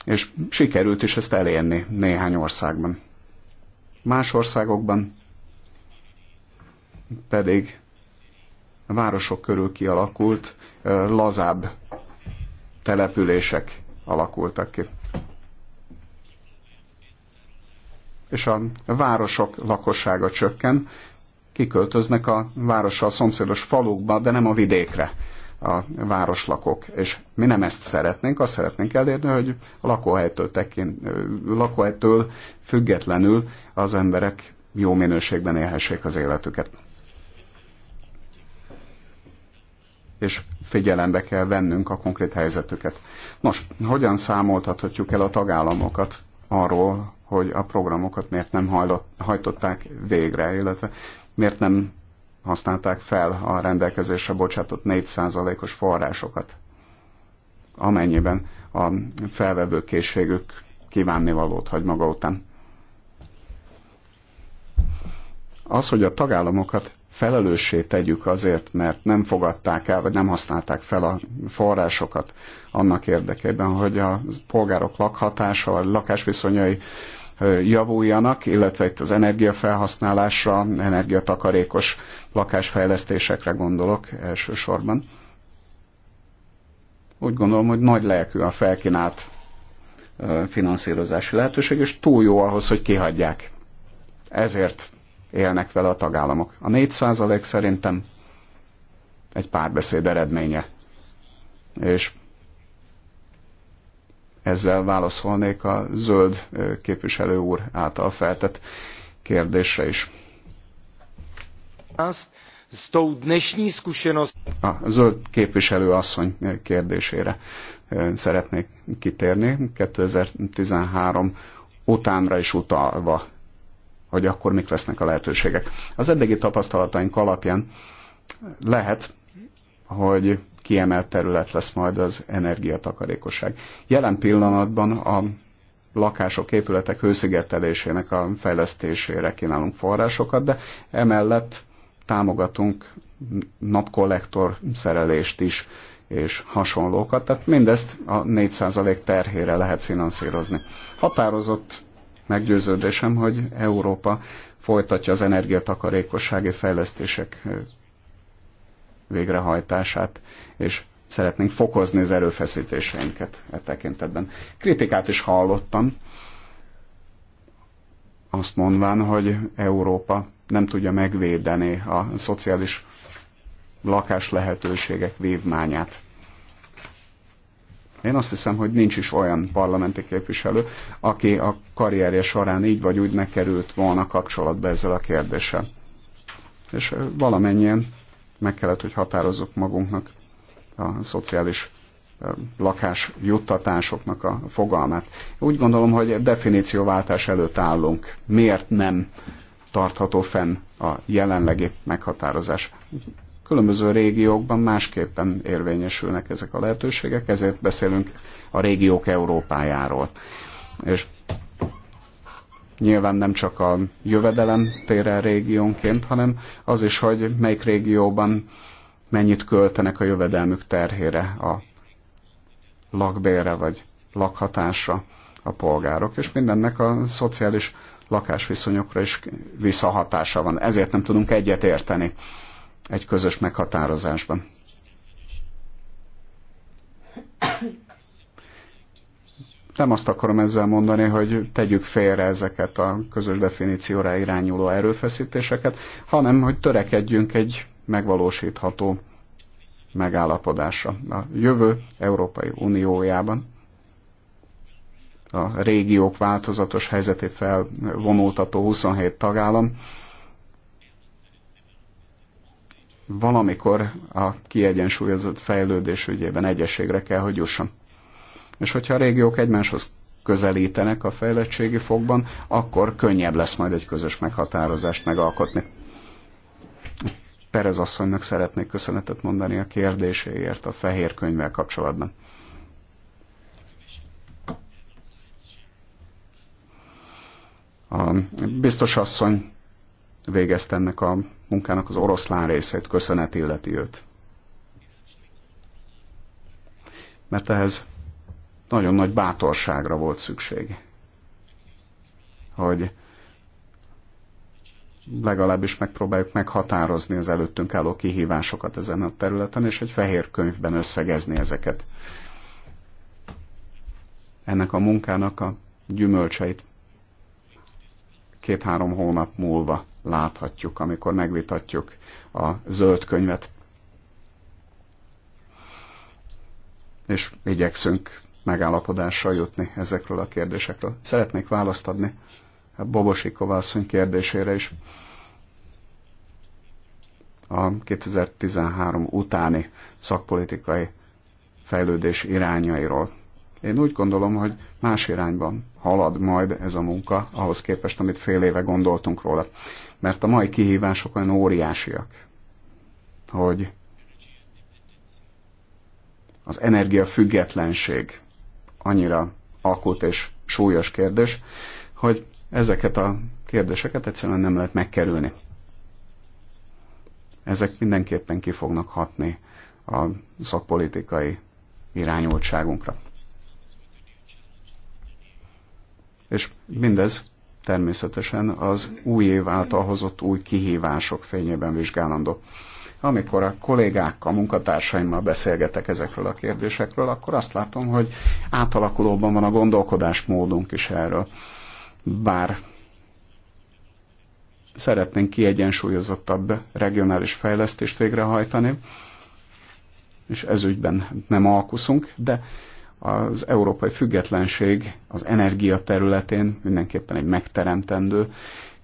És sikerült is ezt elérni néhány országban. Más országokban pedig városok körül kialakult lazább települések alakultak ki. És a városok lakossága csökken, kiköltöznek a a szomszédos falukba, de nem a vidékre a városlakok. És mi nem ezt szeretnénk, azt szeretnénk elérni, hogy a lakóhelytől, tekint, lakóhelytől függetlenül az emberek jó minőségben élhessék az életüket. és figyelembe kell vennünk a konkrét helyzetüket. Nos, hogyan számoltathatjuk el a tagállamokat arról, hogy a programokat miért nem hajlott, hajtották végre, illetve miért nem használták fel a rendelkezésre bocsátott 4%-os forrásokat, amennyiben a felvevő készségük kívánnivalót hagy maga után. Az, hogy a tagállamokat felelőssé tegyük azért, mert nem fogadták el, vagy nem használták fel a forrásokat annak érdekében, hogy a polgárok lakhatása, vagy lakásviszonyai javuljanak, illetve itt az energiafelhasználásra, energiatakarékos lakásfejlesztésekre gondolok elsősorban. Úgy gondolom, hogy nagy lelkű a felkínált finanszírozási lehetőség, és túl jó ahhoz, hogy kihagyják. Ezért élnek vele a tagállamok. A 4% szerintem egy párbeszéd eredménye. És ezzel válaszolnék a zöld képviselő úr által feltett kérdésre is. A zöld képviselő asszony kérdésére szeretnék kitérni. 2013 utánra is utalva hogy akkor mik lesznek a lehetőségek. Az eddigi tapasztalataink alapján lehet, hogy kiemelt terület lesz majd az energiatakarékosság. Jelen pillanatban a lakások, épületek hőszigetelésének a fejlesztésére kínálunk forrásokat, de emellett támogatunk napkollektor szerelést is, és hasonlókat, tehát mindezt a 4% terhére lehet finanszírozni. Határozott meggyőződésem, hogy Európa folytatja az energiatakarékossági fejlesztések végrehajtását, és szeretnénk fokozni az erőfeszítéseinket e tekintetben. Kritikát is hallottam, azt mondván, hogy Európa nem tudja megvédeni a szociális lakás lehetőségek vívmányát. Én azt hiszem, hogy nincs is olyan parlamenti képviselő, aki a karrierje során így vagy úgy ne került volna kapcsolatba ezzel a kérdéssel. És valamennyien meg kellett, hogy határozzuk magunknak a szociális lakás juttatásoknak a fogalmát. Úgy gondolom, hogy definícióváltás előtt állunk. Miért nem tartható fenn a jelenlegi meghatározás? Különböző régiókban másképpen érvényesülnek ezek a lehetőségek, ezért beszélünk a régiók Európájáról. És nyilván nem csak a jövedelem tére régiónként, hanem az is, hogy melyik régióban mennyit költenek a jövedelmük terhére, a lakbére vagy lakhatásra a polgárok, és mindennek a szociális lakásviszonyokra is visszahatása van. Ezért nem tudunk egyet érteni egy közös meghatározásban. Nem azt akarom ezzel mondani, hogy tegyük félre ezeket a közös definícióra irányuló erőfeszítéseket, hanem hogy törekedjünk egy megvalósítható megállapodásra. A jövő Európai Uniójában a régiók változatos helyzetét felvonultató 27 tagállam valamikor a kiegyensúlyozott fejlődés ügyében egyességre kell, hogy jusson. És hogyha a régiók egymáshoz közelítenek a fejlettségi fogban, akkor könnyebb lesz majd egy közös meghatározást megalkotni. Perez asszonynak szeretnék köszönetet mondani a kérdéséért a fehér könyvvel kapcsolatban. A biztos asszony végezte ennek a munkának az oroszlán részét, köszönet illeti őt. Mert ehhez nagyon nagy bátorságra volt szükség, hogy legalábbis megpróbáljuk meghatározni az előttünk álló kihívásokat ezen a területen, és egy fehér könyvben összegezni ezeket. Ennek a munkának a gyümölcseit két-három hónap múlva láthatjuk, amikor megvitatjuk a zöld könyvet. És igyekszünk megállapodással jutni ezekről a kérdésekről. Szeretnék választ adni Bobosi Kovászony kérdésére is a 2013 utáni szakpolitikai fejlődés irányairól. Én úgy gondolom, hogy más irányban halad majd ez a munka, ahhoz képest, amit fél éve gondoltunk róla mert a mai kihívások olyan óriásiak, hogy az energia függetlenség annyira akut és súlyos kérdés, hogy ezeket a kérdéseket egyszerűen nem lehet megkerülni. Ezek mindenképpen ki fognak hatni a szakpolitikai irányultságunkra. És mindez természetesen az új év által hozott új kihívások fényében vizsgálandó. Amikor a kollégákkal, munkatársaimmal beszélgetek ezekről a kérdésekről, akkor azt látom, hogy átalakulóban van a gondolkodásmódunk is erről. Bár szeretnénk kiegyensúlyozottabb regionális fejlesztést végrehajtani, és ezügyben nem alkuszunk, de az európai függetlenség az energia területén mindenképpen egy megteremtendő,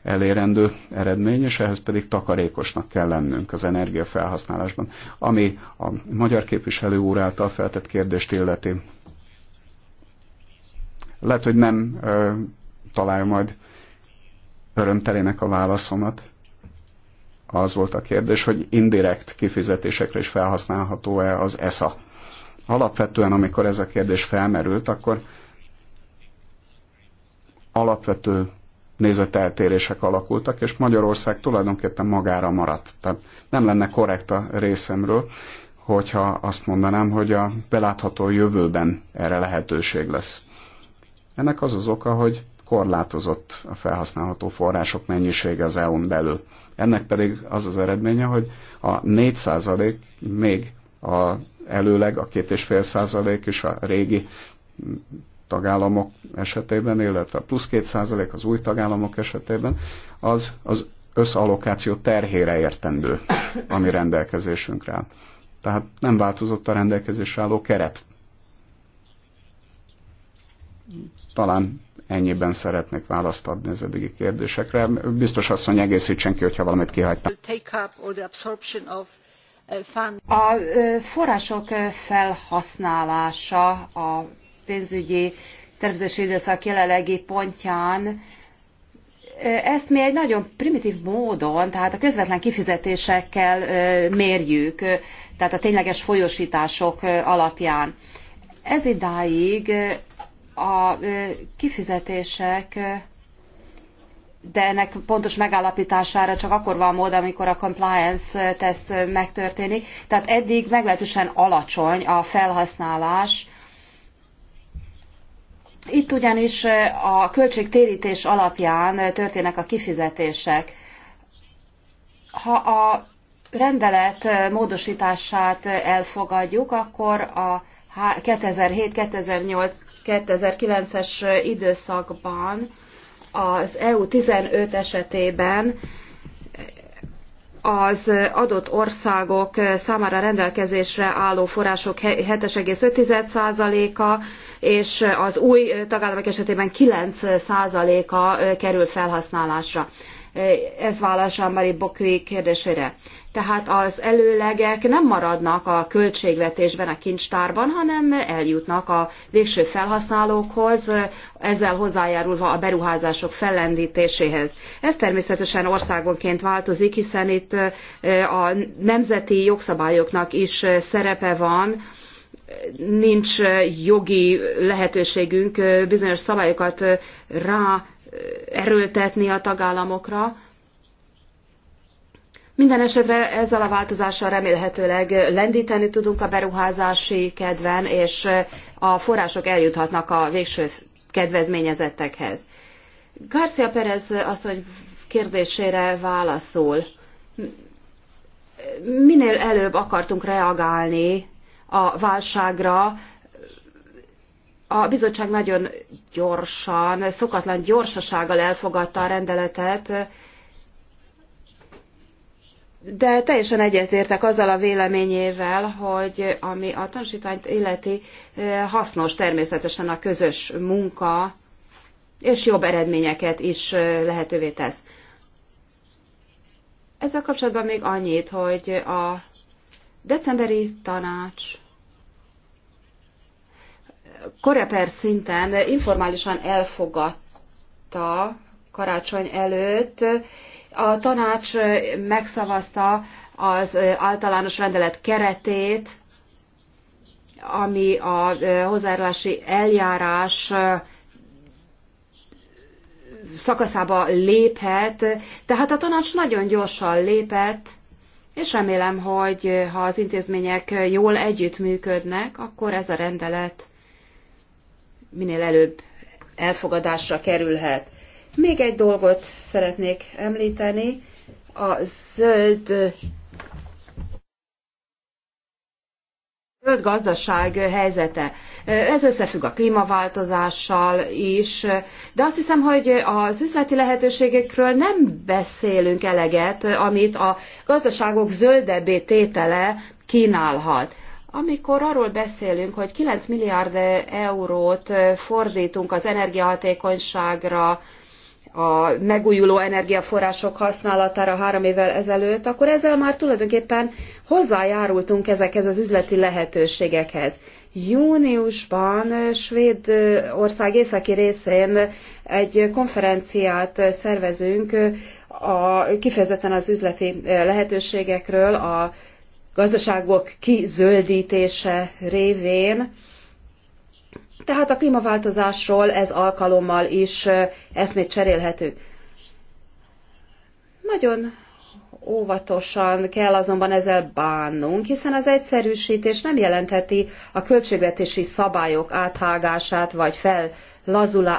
elérendő eredmény, és ehhez pedig takarékosnak kell lennünk az energiafelhasználásban. Ami a magyar képviselő úr által feltett kérdést illeti, lehet, hogy nem ö, találja majd örömtelének a válaszomat. Az volt a kérdés, hogy indirekt kifizetésekre is felhasználható-e az ESA Alapvetően, amikor ez a kérdés felmerült, akkor alapvető nézeteltérések alakultak, és Magyarország tulajdonképpen magára maradt. Tehát nem lenne korrekt a részemről, hogyha azt mondanám, hogy a belátható jövőben erre lehetőség lesz. Ennek az az oka, hogy korlátozott a felhasználható források mennyisége az EU-n belül. Ennek pedig az az eredménye, hogy a 4% még a, előleg a 2,5 százalék is a régi tagállamok esetében, illetve a plusz 2 százalék az új tagállamok esetében, az az összallokáció terhére értendő, ami rendelkezésünkre áll. Tehát nem változott a rendelkezésre álló keret. Talán ennyiben szeretnék választ adni az eddigi kérdésekre. Biztos azt, asszony egészítsen ki, hogyha valamit kihagytam. A források felhasználása a pénzügyi tervezési időszak jelenlegi pontján ezt mi egy nagyon primitív módon, tehát a közvetlen kifizetésekkel mérjük, tehát a tényleges folyosítások alapján. Ez idáig a kifizetések de ennek pontos megállapítására csak akkor van mód, amikor a compliance teszt megtörténik. Tehát eddig meglehetősen alacsony a felhasználás. Itt ugyanis a költségtérítés alapján történnek a kifizetések. Ha a rendelet módosítását elfogadjuk, akkor a 2007-2008-2009-es időszakban az EU-15 esetében az adott országok számára rendelkezésre álló források 7,5%-a, és az új tagállamok esetében 9%-a kerül felhasználásra. Ez válaszol Mari Bokui kérdésére tehát az előlegek nem maradnak a költségvetésben, a kincstárban, hanem eljutnak a végső felhasználókhoz, ezzel hozzájárulva a beruházások fellendítéséhez. Ez természetesen országonként változik, hiszen itt a nemzeti jogszabályoknak is szerepe van, nincs jogi lehetőségünk bizonyos szabályokat rá erőltetni a tagállamokra, minden esetre ezzel a változással remélhetőleg lendíteni tudunk a beruházási kedven, és a források eljuthatnak a végső kedvezményezettekhez. Garcia Perez hogy kérdésére válaszol. Minél előbb akartunk reagálni a válságra, a bizottság nagyon gyorsan, szokatlan gyorsasággal elfogadta a rendeletet, de teljesen egyetértek azzal a véleményével, hogy ami a tanúsítványt illeti, hasznos természetesen a közös munka, és jobb eredményeket is lehetővé tesz. Ezzel kapcsolatban még annyit, hogy a decemberi tanács koreper szinten informálisan elfogadta karácsony előtt a tanács megszavazta az általános rendelet keretét, ami a hozzájárulási eljárás szakaszába léphet, tehát a tanács nagyon gyorsan lépett, és remélem, hogy ha az intézmények jól együttműködnek, akkor ez a rendelet minél előbb elfogadásra kerülhet. Még egy dolgot szeretnék említeni, a zöld zöld gazdaság helyzete. Ez összefügg a klímaváltozással is, de azt hiszem, hogy az üzleti lehetőségekről nem beszélünk eleget, amit a gazdaságok zöldebbé tétele kínálhat. Amikor arról beszélünk, hogy 9 milliárd eurót fordítunk az energiahatékonyságra, a megújuló energiaforrások használatára három évvel ezelőtt, akkor ezzel már tulajdonképpen hozzájárultunk ezekhez az üzleti lehetőségekhez. Júniusban Svédország északi részén egy konferenciát szervezünk a, kifejezetten az üzleti lehetőségekről, a gazdaságok kizöldítése révén tehát a klímaváltozásról ez alkalommal is eszmét cserélhetünk. Nagyon óvatosan kell azonban ezzel bánnunk, hiszen az egyszerűsítés nem jelentheti a költségvetési szabályok áthágását, vagy fel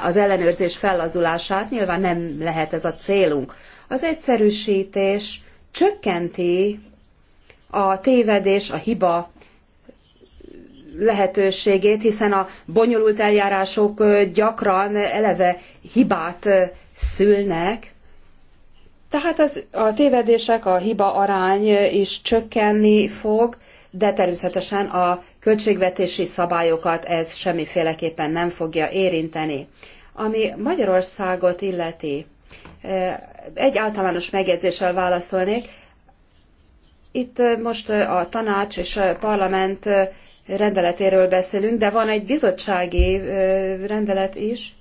az ellenőrzés fellazulását, nyilván nem lehet ez a célunk. Az egyszerűsítés csökkenti a tévedés, a hiba lehetőségét, hiszen a bonyolult eljárások gyakran eleve hibát szülnek. Tehát az, a tévedések, a hiba arány is csökkenni fog, de természetesen a költségvetési szabályokat ez semmiféleképpen nem fogja érinteni. Ami Magyarországot illeti, egy általános megjegyzéssel válaszolnék. Itt most a tanács és a parlament rendeletéről beszélünk, de van egy bizottsági rendelet is.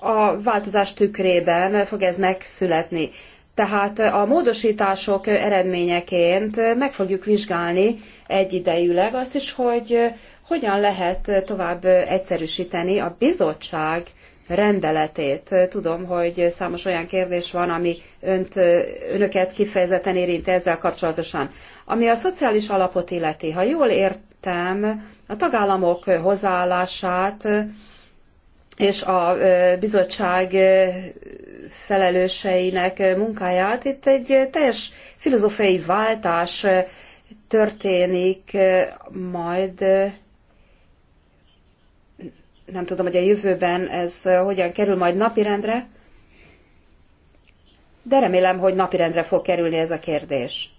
A változás tükrében fog ez megszületni. Tehát a módosítások eredményeként meg fogjuk vizsgálni egyidejűleg azt is, hogy hogyan lehet tovább egyszerűsíteni a bizottság rendeletét. Tudom, hogy számos olyan kérdés van, ami önt, önöket kifejezetten érint ezzel kapcsolatosan. Ami a szociális alapot illeti, ha jól értem, a tagállamok hozzáállását és a bizottság felelőseinek munkáját. Itt egy teljes filozófiai váltás történik majd nem tudom, hogy a jövőben ez hogyan kerül majd napirendre, de remélem, hogy napirendre fog kerülni ez a kérdés.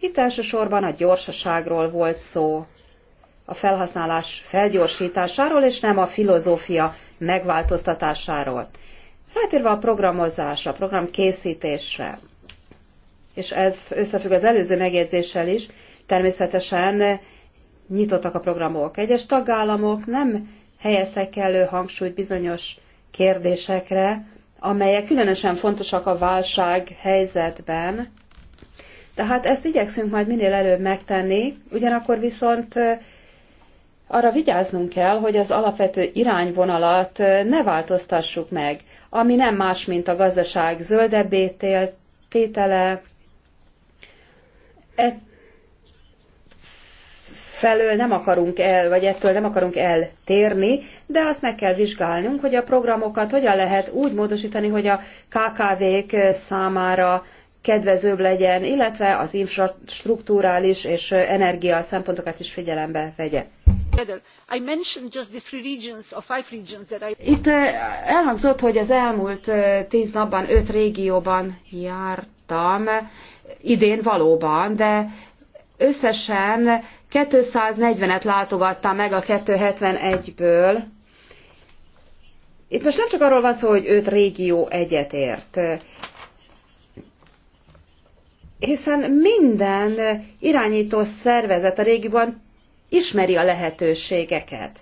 Itt elsősorban a gyorsaságról volt szó, a felhasználás felgyorsításáról, és nem a filozófia megváltoztatásáról. Rátérve a programozás, a program készítésre, és ez összefügg az előző megjegyzéssel is, természetesen nyitottak a programok. Egyes tagállamok nem helyeztek elő hangsúlyt bizonyos kérdésekre, amelyek különösen fontosak a válság helyzetben. Tehát ezt igyekszünk majd minél előbb megtenni, ugyanakkor viszont arra vigyáznunk kell, hogy az alapvető irányvonalat ne változtassuk meg, ami nem más, mint a gazdaság zöldebbé tétele, e felől nem akarunk el, vagy ettől nem akarunk eltérni, de azt meg kell vizsgálnunk, hogy a programokat hogyan lehet úgy módosítani, hogy a KKV-k számára kedvezőbb legyen, illetve az infrastruktúrális és energia szempontokat is figyelembe vegye. Itt eh, elhangzott, hogy az elmúlt eh, tíz napban öt régióban jártam, idén valóban, de összesen 240-et látogattam meg a 271-ből. Itt most nem csak arról van szó, hogy öt régió egyetért, hiszen minden irányító szervezet a régióban ismeri a lehetőségeket.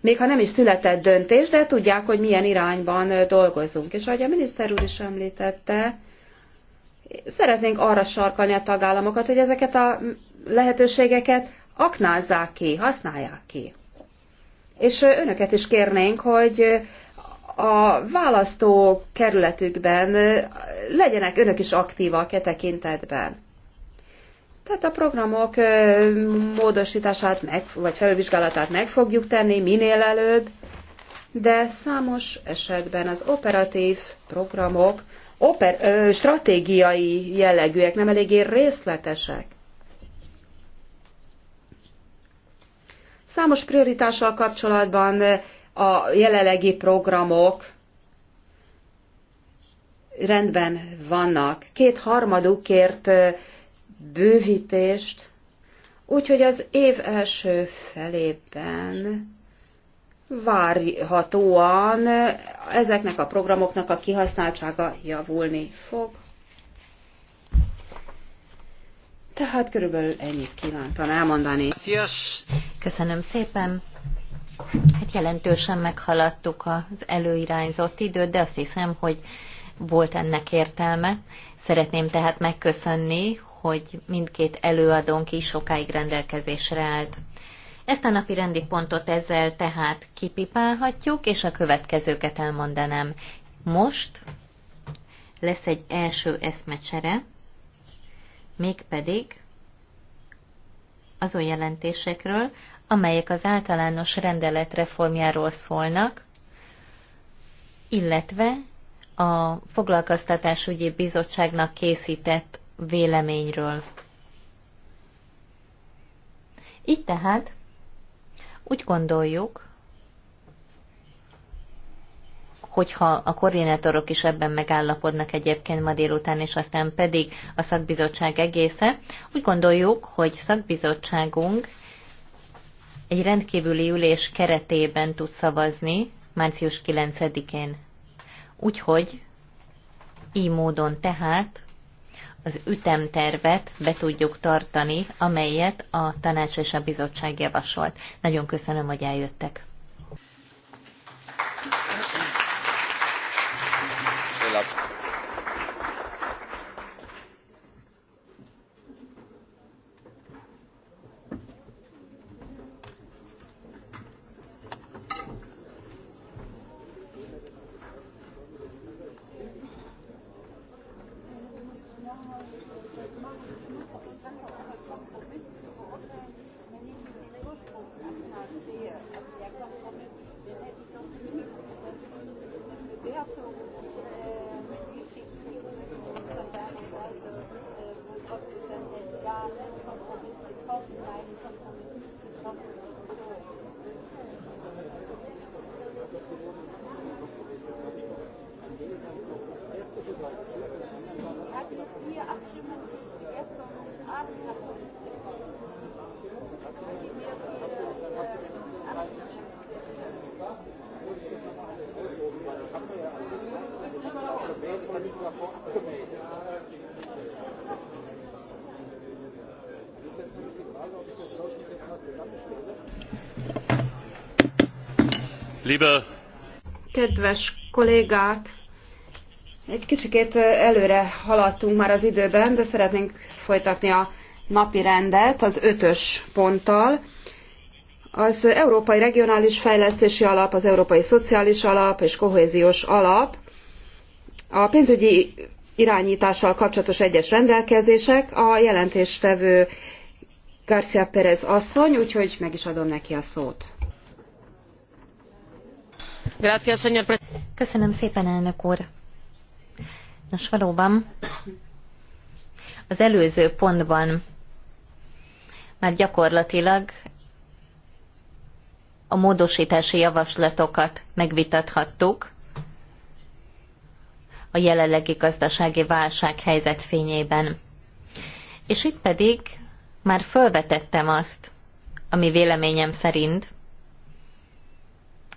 Még ha nem is született döntés, de tudják, hogy milyen irányban dolgozunk. És ahogy a miniszter úr is említette, Szeretnénk arra sarkalni a tagállamokat, hogy ezeket a lehetőségeket aknázzák ki, használják ki. És önöket is kérnénk, hogy a választó kerületükben legyenek önök is aktívak e tekintetben. Tehát a programok módosítását meg, vagy felülvizsgálatát meg fogjuk tenni minél előbb, de számos esetben az operatív programok oper, ö, stratégiai jellegűek, nem eléggé részletesek. Számos prioritással kapcsolatban a jelenlegi programok rendben vannak. Két harmaduk bővítést, úgyhogy az év első felében várhatóan ezeknek a programoknak a kihasználtsága javulni fog. Tehát körülbelül ennyit kívántam elmondani. Köszönöm szépen. Hát jelentősen meghaladtuk az előirányzott időt, de azt hiszem, hogy volt ennek értelme. Szeretném tehát megköszönni, hogy mindkét előadónk is sokáig rendelkezésre állt. Ezt a napi rendi pontot ezzel tehát kipipálhatjuk, és a következőket elmondanám. Most lesz egy első eszmecsere, mégpedig azon jelentésekről, amelyek az általános rendelet reformjáról szólnak, illetve a Foglalkoztatásügyi Bizottságnak készített véleményről. Így tehát úgy gondoljuk, hogyha a koordinátorok is ebben megállapodnak egyébként ma délután, és aztán pedig a szakbizottság egésze, úgy gondoljuk, hogy szakbizottságunk egy rendkívüli ülés keretében tud szavazni március 9-én. Úgyhogy így módon tehát az ütemtervet be tudjuk tartani, amelyet a tanács és a bizottság javasolt. Nagyon köszönöm, hogy eljöttek. Kedves kollégák, egy kicsikét előre haladtunk már az időben, de szeretnénk folytatni a napi rendet az ötös ponttal. Az Európai Regionális Fejlesztési Alap, az Európai Szociális Alap és Kohéziós Alap a pénzügyi irányítással kapcsolatos egyes rendelkezések a jelentéstevő García Pérez asszony, úgyhogy meg is adom neki a szót. Köszönöm szépen, elnök úr. Nos, valóban az előző pontban már gyakorlatilag a módosítási javaslatokat megvitathattuk a jelenlegi gazdasági válság helyzet fényében. És itt pedig már fölvetettem azt, ami véleményem szerint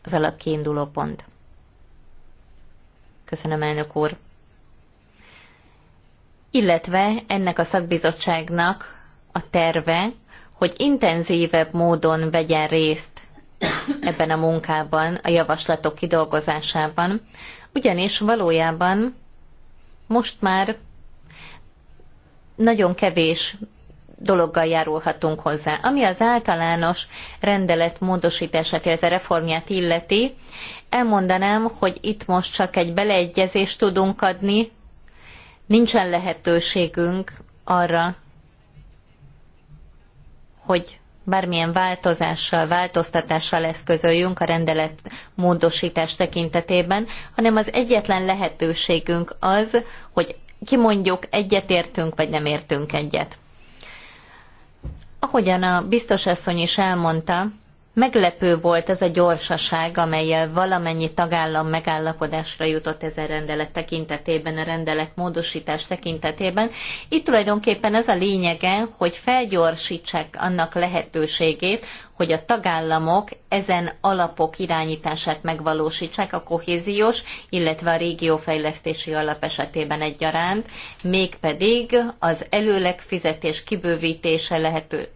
az alapkiinduló pont. Köszönöm, elnök úr. Illetve ennek a szakbizottságnak a terve, hogy intenzívebb módon vegyen részt ebben a munkában, a javaslatok kidolgozásában, ugyanis valójában most már nagyon kevés dologgal járulhatunk hozzá. Ami az általános rendelet módosítását, illetve reformját illeti, elmondanám, hogy itt most csak egy beleegyezést tudunk adni, nincsen lehetőségünk arra, hogy bármilyen változással, változtatással eszközöljünk a rendelet módosítás tekintetében, hanem az egyetlen lehetőségünk az, hogy kimondjuk, egyetértünk vagy nem értünk egyet. Ahogyan a biztos asszony is elmondta, Meglepő volt ez a gyorsaság, amelyel valamennyi tagállam megállapodásra jutott ezen rendelet tekintetében, a rendelet módosítás tekintetében. Itt tulajdonképpen ez a lényege, hogy felgyorsítsák annak lehetőségét, hogy a tagállamok ezen alapok irányítását megvalósítsák a kohéziós, illetve a régiófejlesztési alap esetében egyaránt, mégpedig az előleg fizetés kibővítése lehető,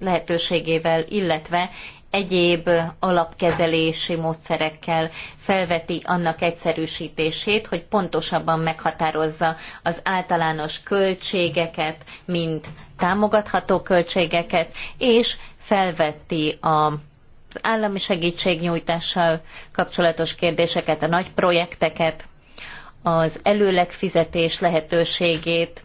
lehetőségével, illetve egyéb alapkezelési módszerekkel felveti annak egyszerűsítését, hogy pontosabban meghatározza az általános költségeket, mint támogatható költségeket, és felveti a az állami segítségnyújtással kapcsolatos kérdéseket, a nagy projekteket, az előlegfizetés lehetőségét,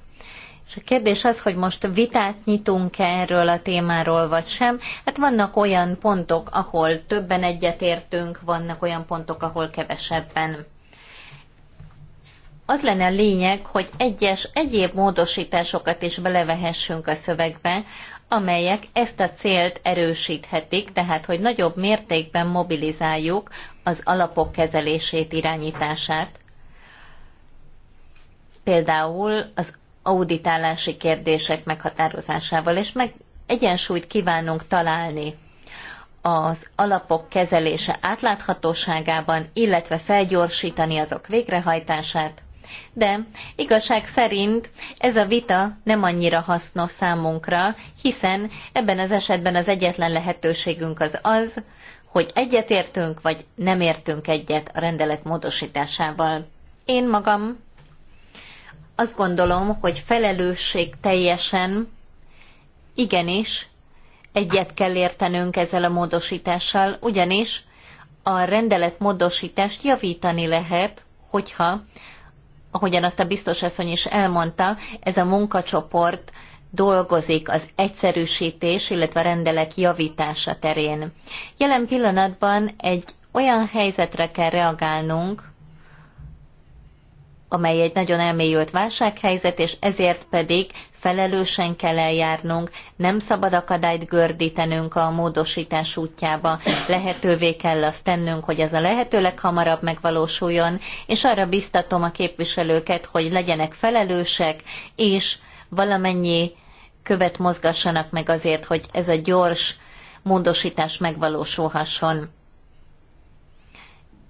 és a kérdés az, hogy most vitát nyitunk-e erről a témáról, vagy sem. Hát vannak olyan pontok, ahol többen egyetértünk, vannak olyan pontok, ahol kevesebben. Az lenne a lényeg, hogy egyes egyéb módosításokat is belevehessünk a szövegbe, amelyek ezt a célt erősíthetik, tehát hogy nagyobb mértékben mobilizáljuk az alapok kezelését, irányítását. Például az auditálási kérdések meghatározásával, és meg egyensúlyt kívánunk találni az alapok kezelése átláthatóságában, illetve felgyorsítani azok végrehajtását, de igazság szerint ez a vita nem annyira hasznos számunkra, hiszen ebben az esetben az egyetlen lehetőségünk az az, hogy egyetértünk vagy nem értünk egyet a rendelet módosításával. Én magam azt gondolom, hogy felelősség teljesen, igenis, egyet kell értenünk ezzel a módosítással, ugyanis a rendelet módosítást javítani lehet, hogyha, ahogyan azt a biztos asszony is elmondta, ez a munkacsoport dolgozik az egyszerűsítés, illetve a rendelek javítása terén. Jelen pillanatban egy olyan helyzetre kell reagálnunk, amely egy nagyon elmélyült válsághelyzet, és ezért pedig felelősen kell eljárnunk, nem szabad akadályt gördítenünk a módosítás útjába, lehetővé kell azt tennünk, hogy ez a lehető leghamarabb megvalósuljon, és arra biztatom a képviselőket, hogy legyenek felelősek, és valamennyi követ mozgassanak meg azért, hogy ez a gyors módosítás megvalósulhasson.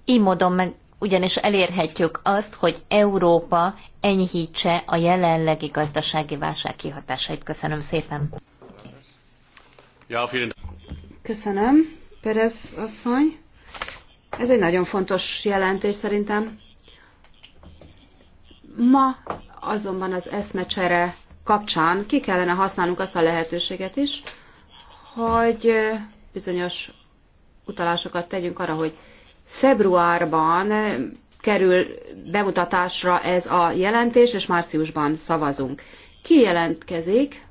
Így módon meg ugyanis elérhetjük azt, hogy Európa enyhítse a jelenlegi gazdasági válság kihatásait. Köszönöm szépen. Köszönöm, Perez asszony. Ez egy nagyon fontos jelentés szerintem. Ma azonban az eszmecsere kapcsán ki kellene használnunk azt a lehetőséget is, hogy bizonyos utalásokat tegyünk arra, hogy Februárban kerül bemutatásra ez a jelentés, és márciusban szavazunk. Ki jelentkezik?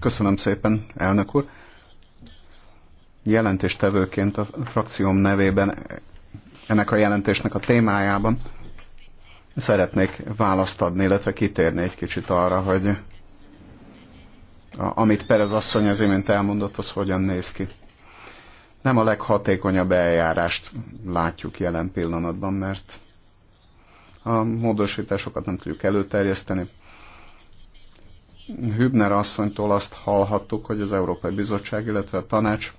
Köszönöm szépen, elnök úr. Jelentéstevőként a frakcióm nevében ennek a jelentésnek a témájában szeretnék választ adni, illetve kitérni egy kicsit arra, hogy amit Perez asszony az imént elmondott, az hogyan néz ki. Nem a leghatékonyabb eljárást látjuk jelen pillanatban, mert a módosításokat nem tudjuk előterjeszteni. Hübner asszonytól azt hallhattuk, hogy az Európai Bizottság, illetve a tanács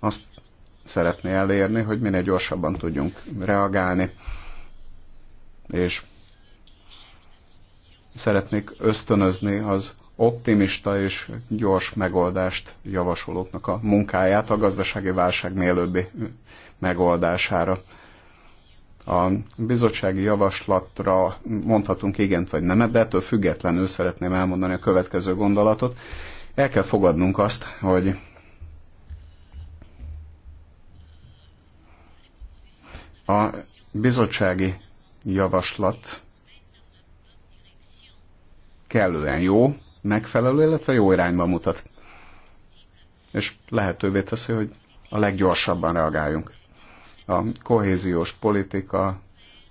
azt szeretné elérni, hogy minél gyorsabban tudjunk reagálni, és szeretnék ösztönözni az optimista és gyors megoldást javasolóknak a munkáját a gazdasági válság mielőbbi megoldására. A bizottsági javaslatra mondhatunk igent vagy nemet, de ettől függetlenül szeretném elmondani a következő gondolatot. El kell fogadnunk azt, hogy a bizottsági javaslat kellően jó, megfelelő, illetve jó irányba mutat. És lehetővé teszi, hogy a leggyorsabban reagáljunk. A kohéziós politika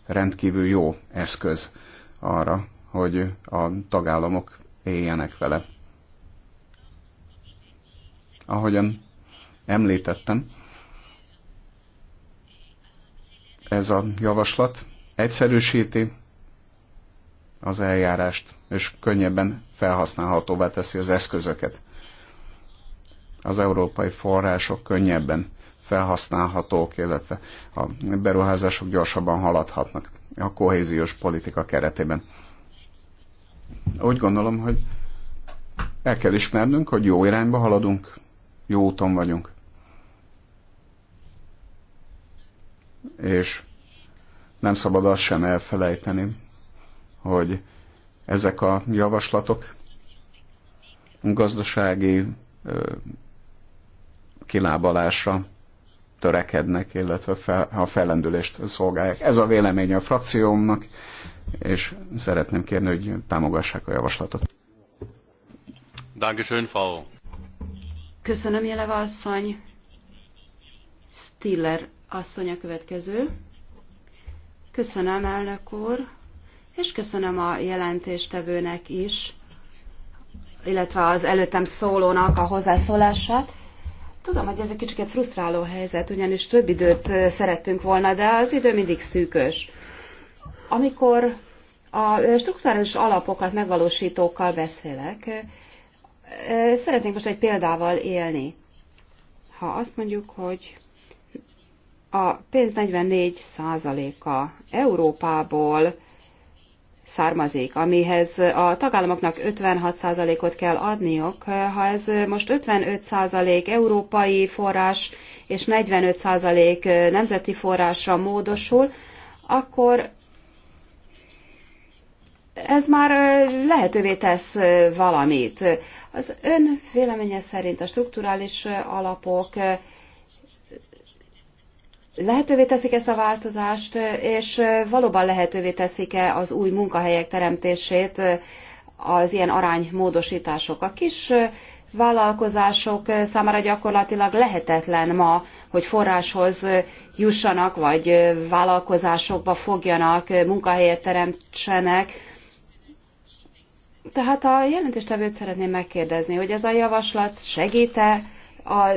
rendkívül jó eszköz arra, hogy a tagállamok éljenek vele. Ahogyan említettem, ez a javaslat egyszerűsíti az eljárást, és könnyebben felhasználhatóvá teszi az eszközöket. Az európai források könnyebben felhasználhatók, illetve a beruházások gyorsabban haladhatnak a kohéziós politika keretében. Úgy gondolom, hogy el kell ismernünk, hogy jó irányba haladunk, jó úton vagyunk. És nem szabad azt sem elfelejteni, hogy ezek a javaslatok gazdasági kilábalásra törekednek, illetve fel, a fellendülést szolgálják. Ez a vélemény a frakciómnak, és szeretném kérni, hogy támogassák a javaslatot. Dankeschön, Frau. Köszönöm, Jeleva asszony. Stiller asszony a következő. Köszönöm, elnök úr és köszönöm a jelentéstevőnek is, illetve az előttem szólónak a hozzászólását. Tudom, hogy ez egy kicsit frusztráló helyzet, ugyanis több időt szerettünk volna, de az idő mindig szűkös. Amikor a struktúrális alapokat megvalósítókkal beszélek, szeretnénk most egy példával élni. Ha azt mondjuk, hogy a pénz 44%-a Európából származik, amihez a tagállamoknak 56%-ot kell adniok. Ha ez most 55% európai forrás és 45% nemzeti forrásra módosul, akkor ez már lehetővé tesz valamit. Az ön véleménye szerint a strukturális alapok lehetővé teszik ezt a változást, és valóban lehetővé teszik-e az új munkahelyek teremtését az ilyen aránymódosítások. A kis vállalkozások számára gyakorlatilag lehetetlen ma, hogy forráshoz jussanak, vagy vállalkozásokba fogjanak, munkahelyet teremtsenek. Tehát a jelentéstevőt szeretném megkérdezni, hogy ez a javaslat segíte a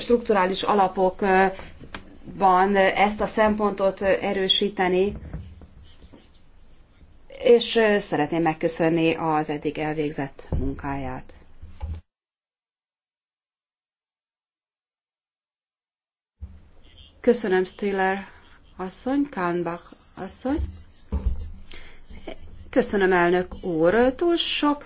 strukturális alapokban ezt a szempontot erősíteni, és szeretném megköszönni az eddig elvégzett munkáját. Köszönöm, Stiller asszony, Kahnbach asszony. Köszönöm, elnök úr. Túl sok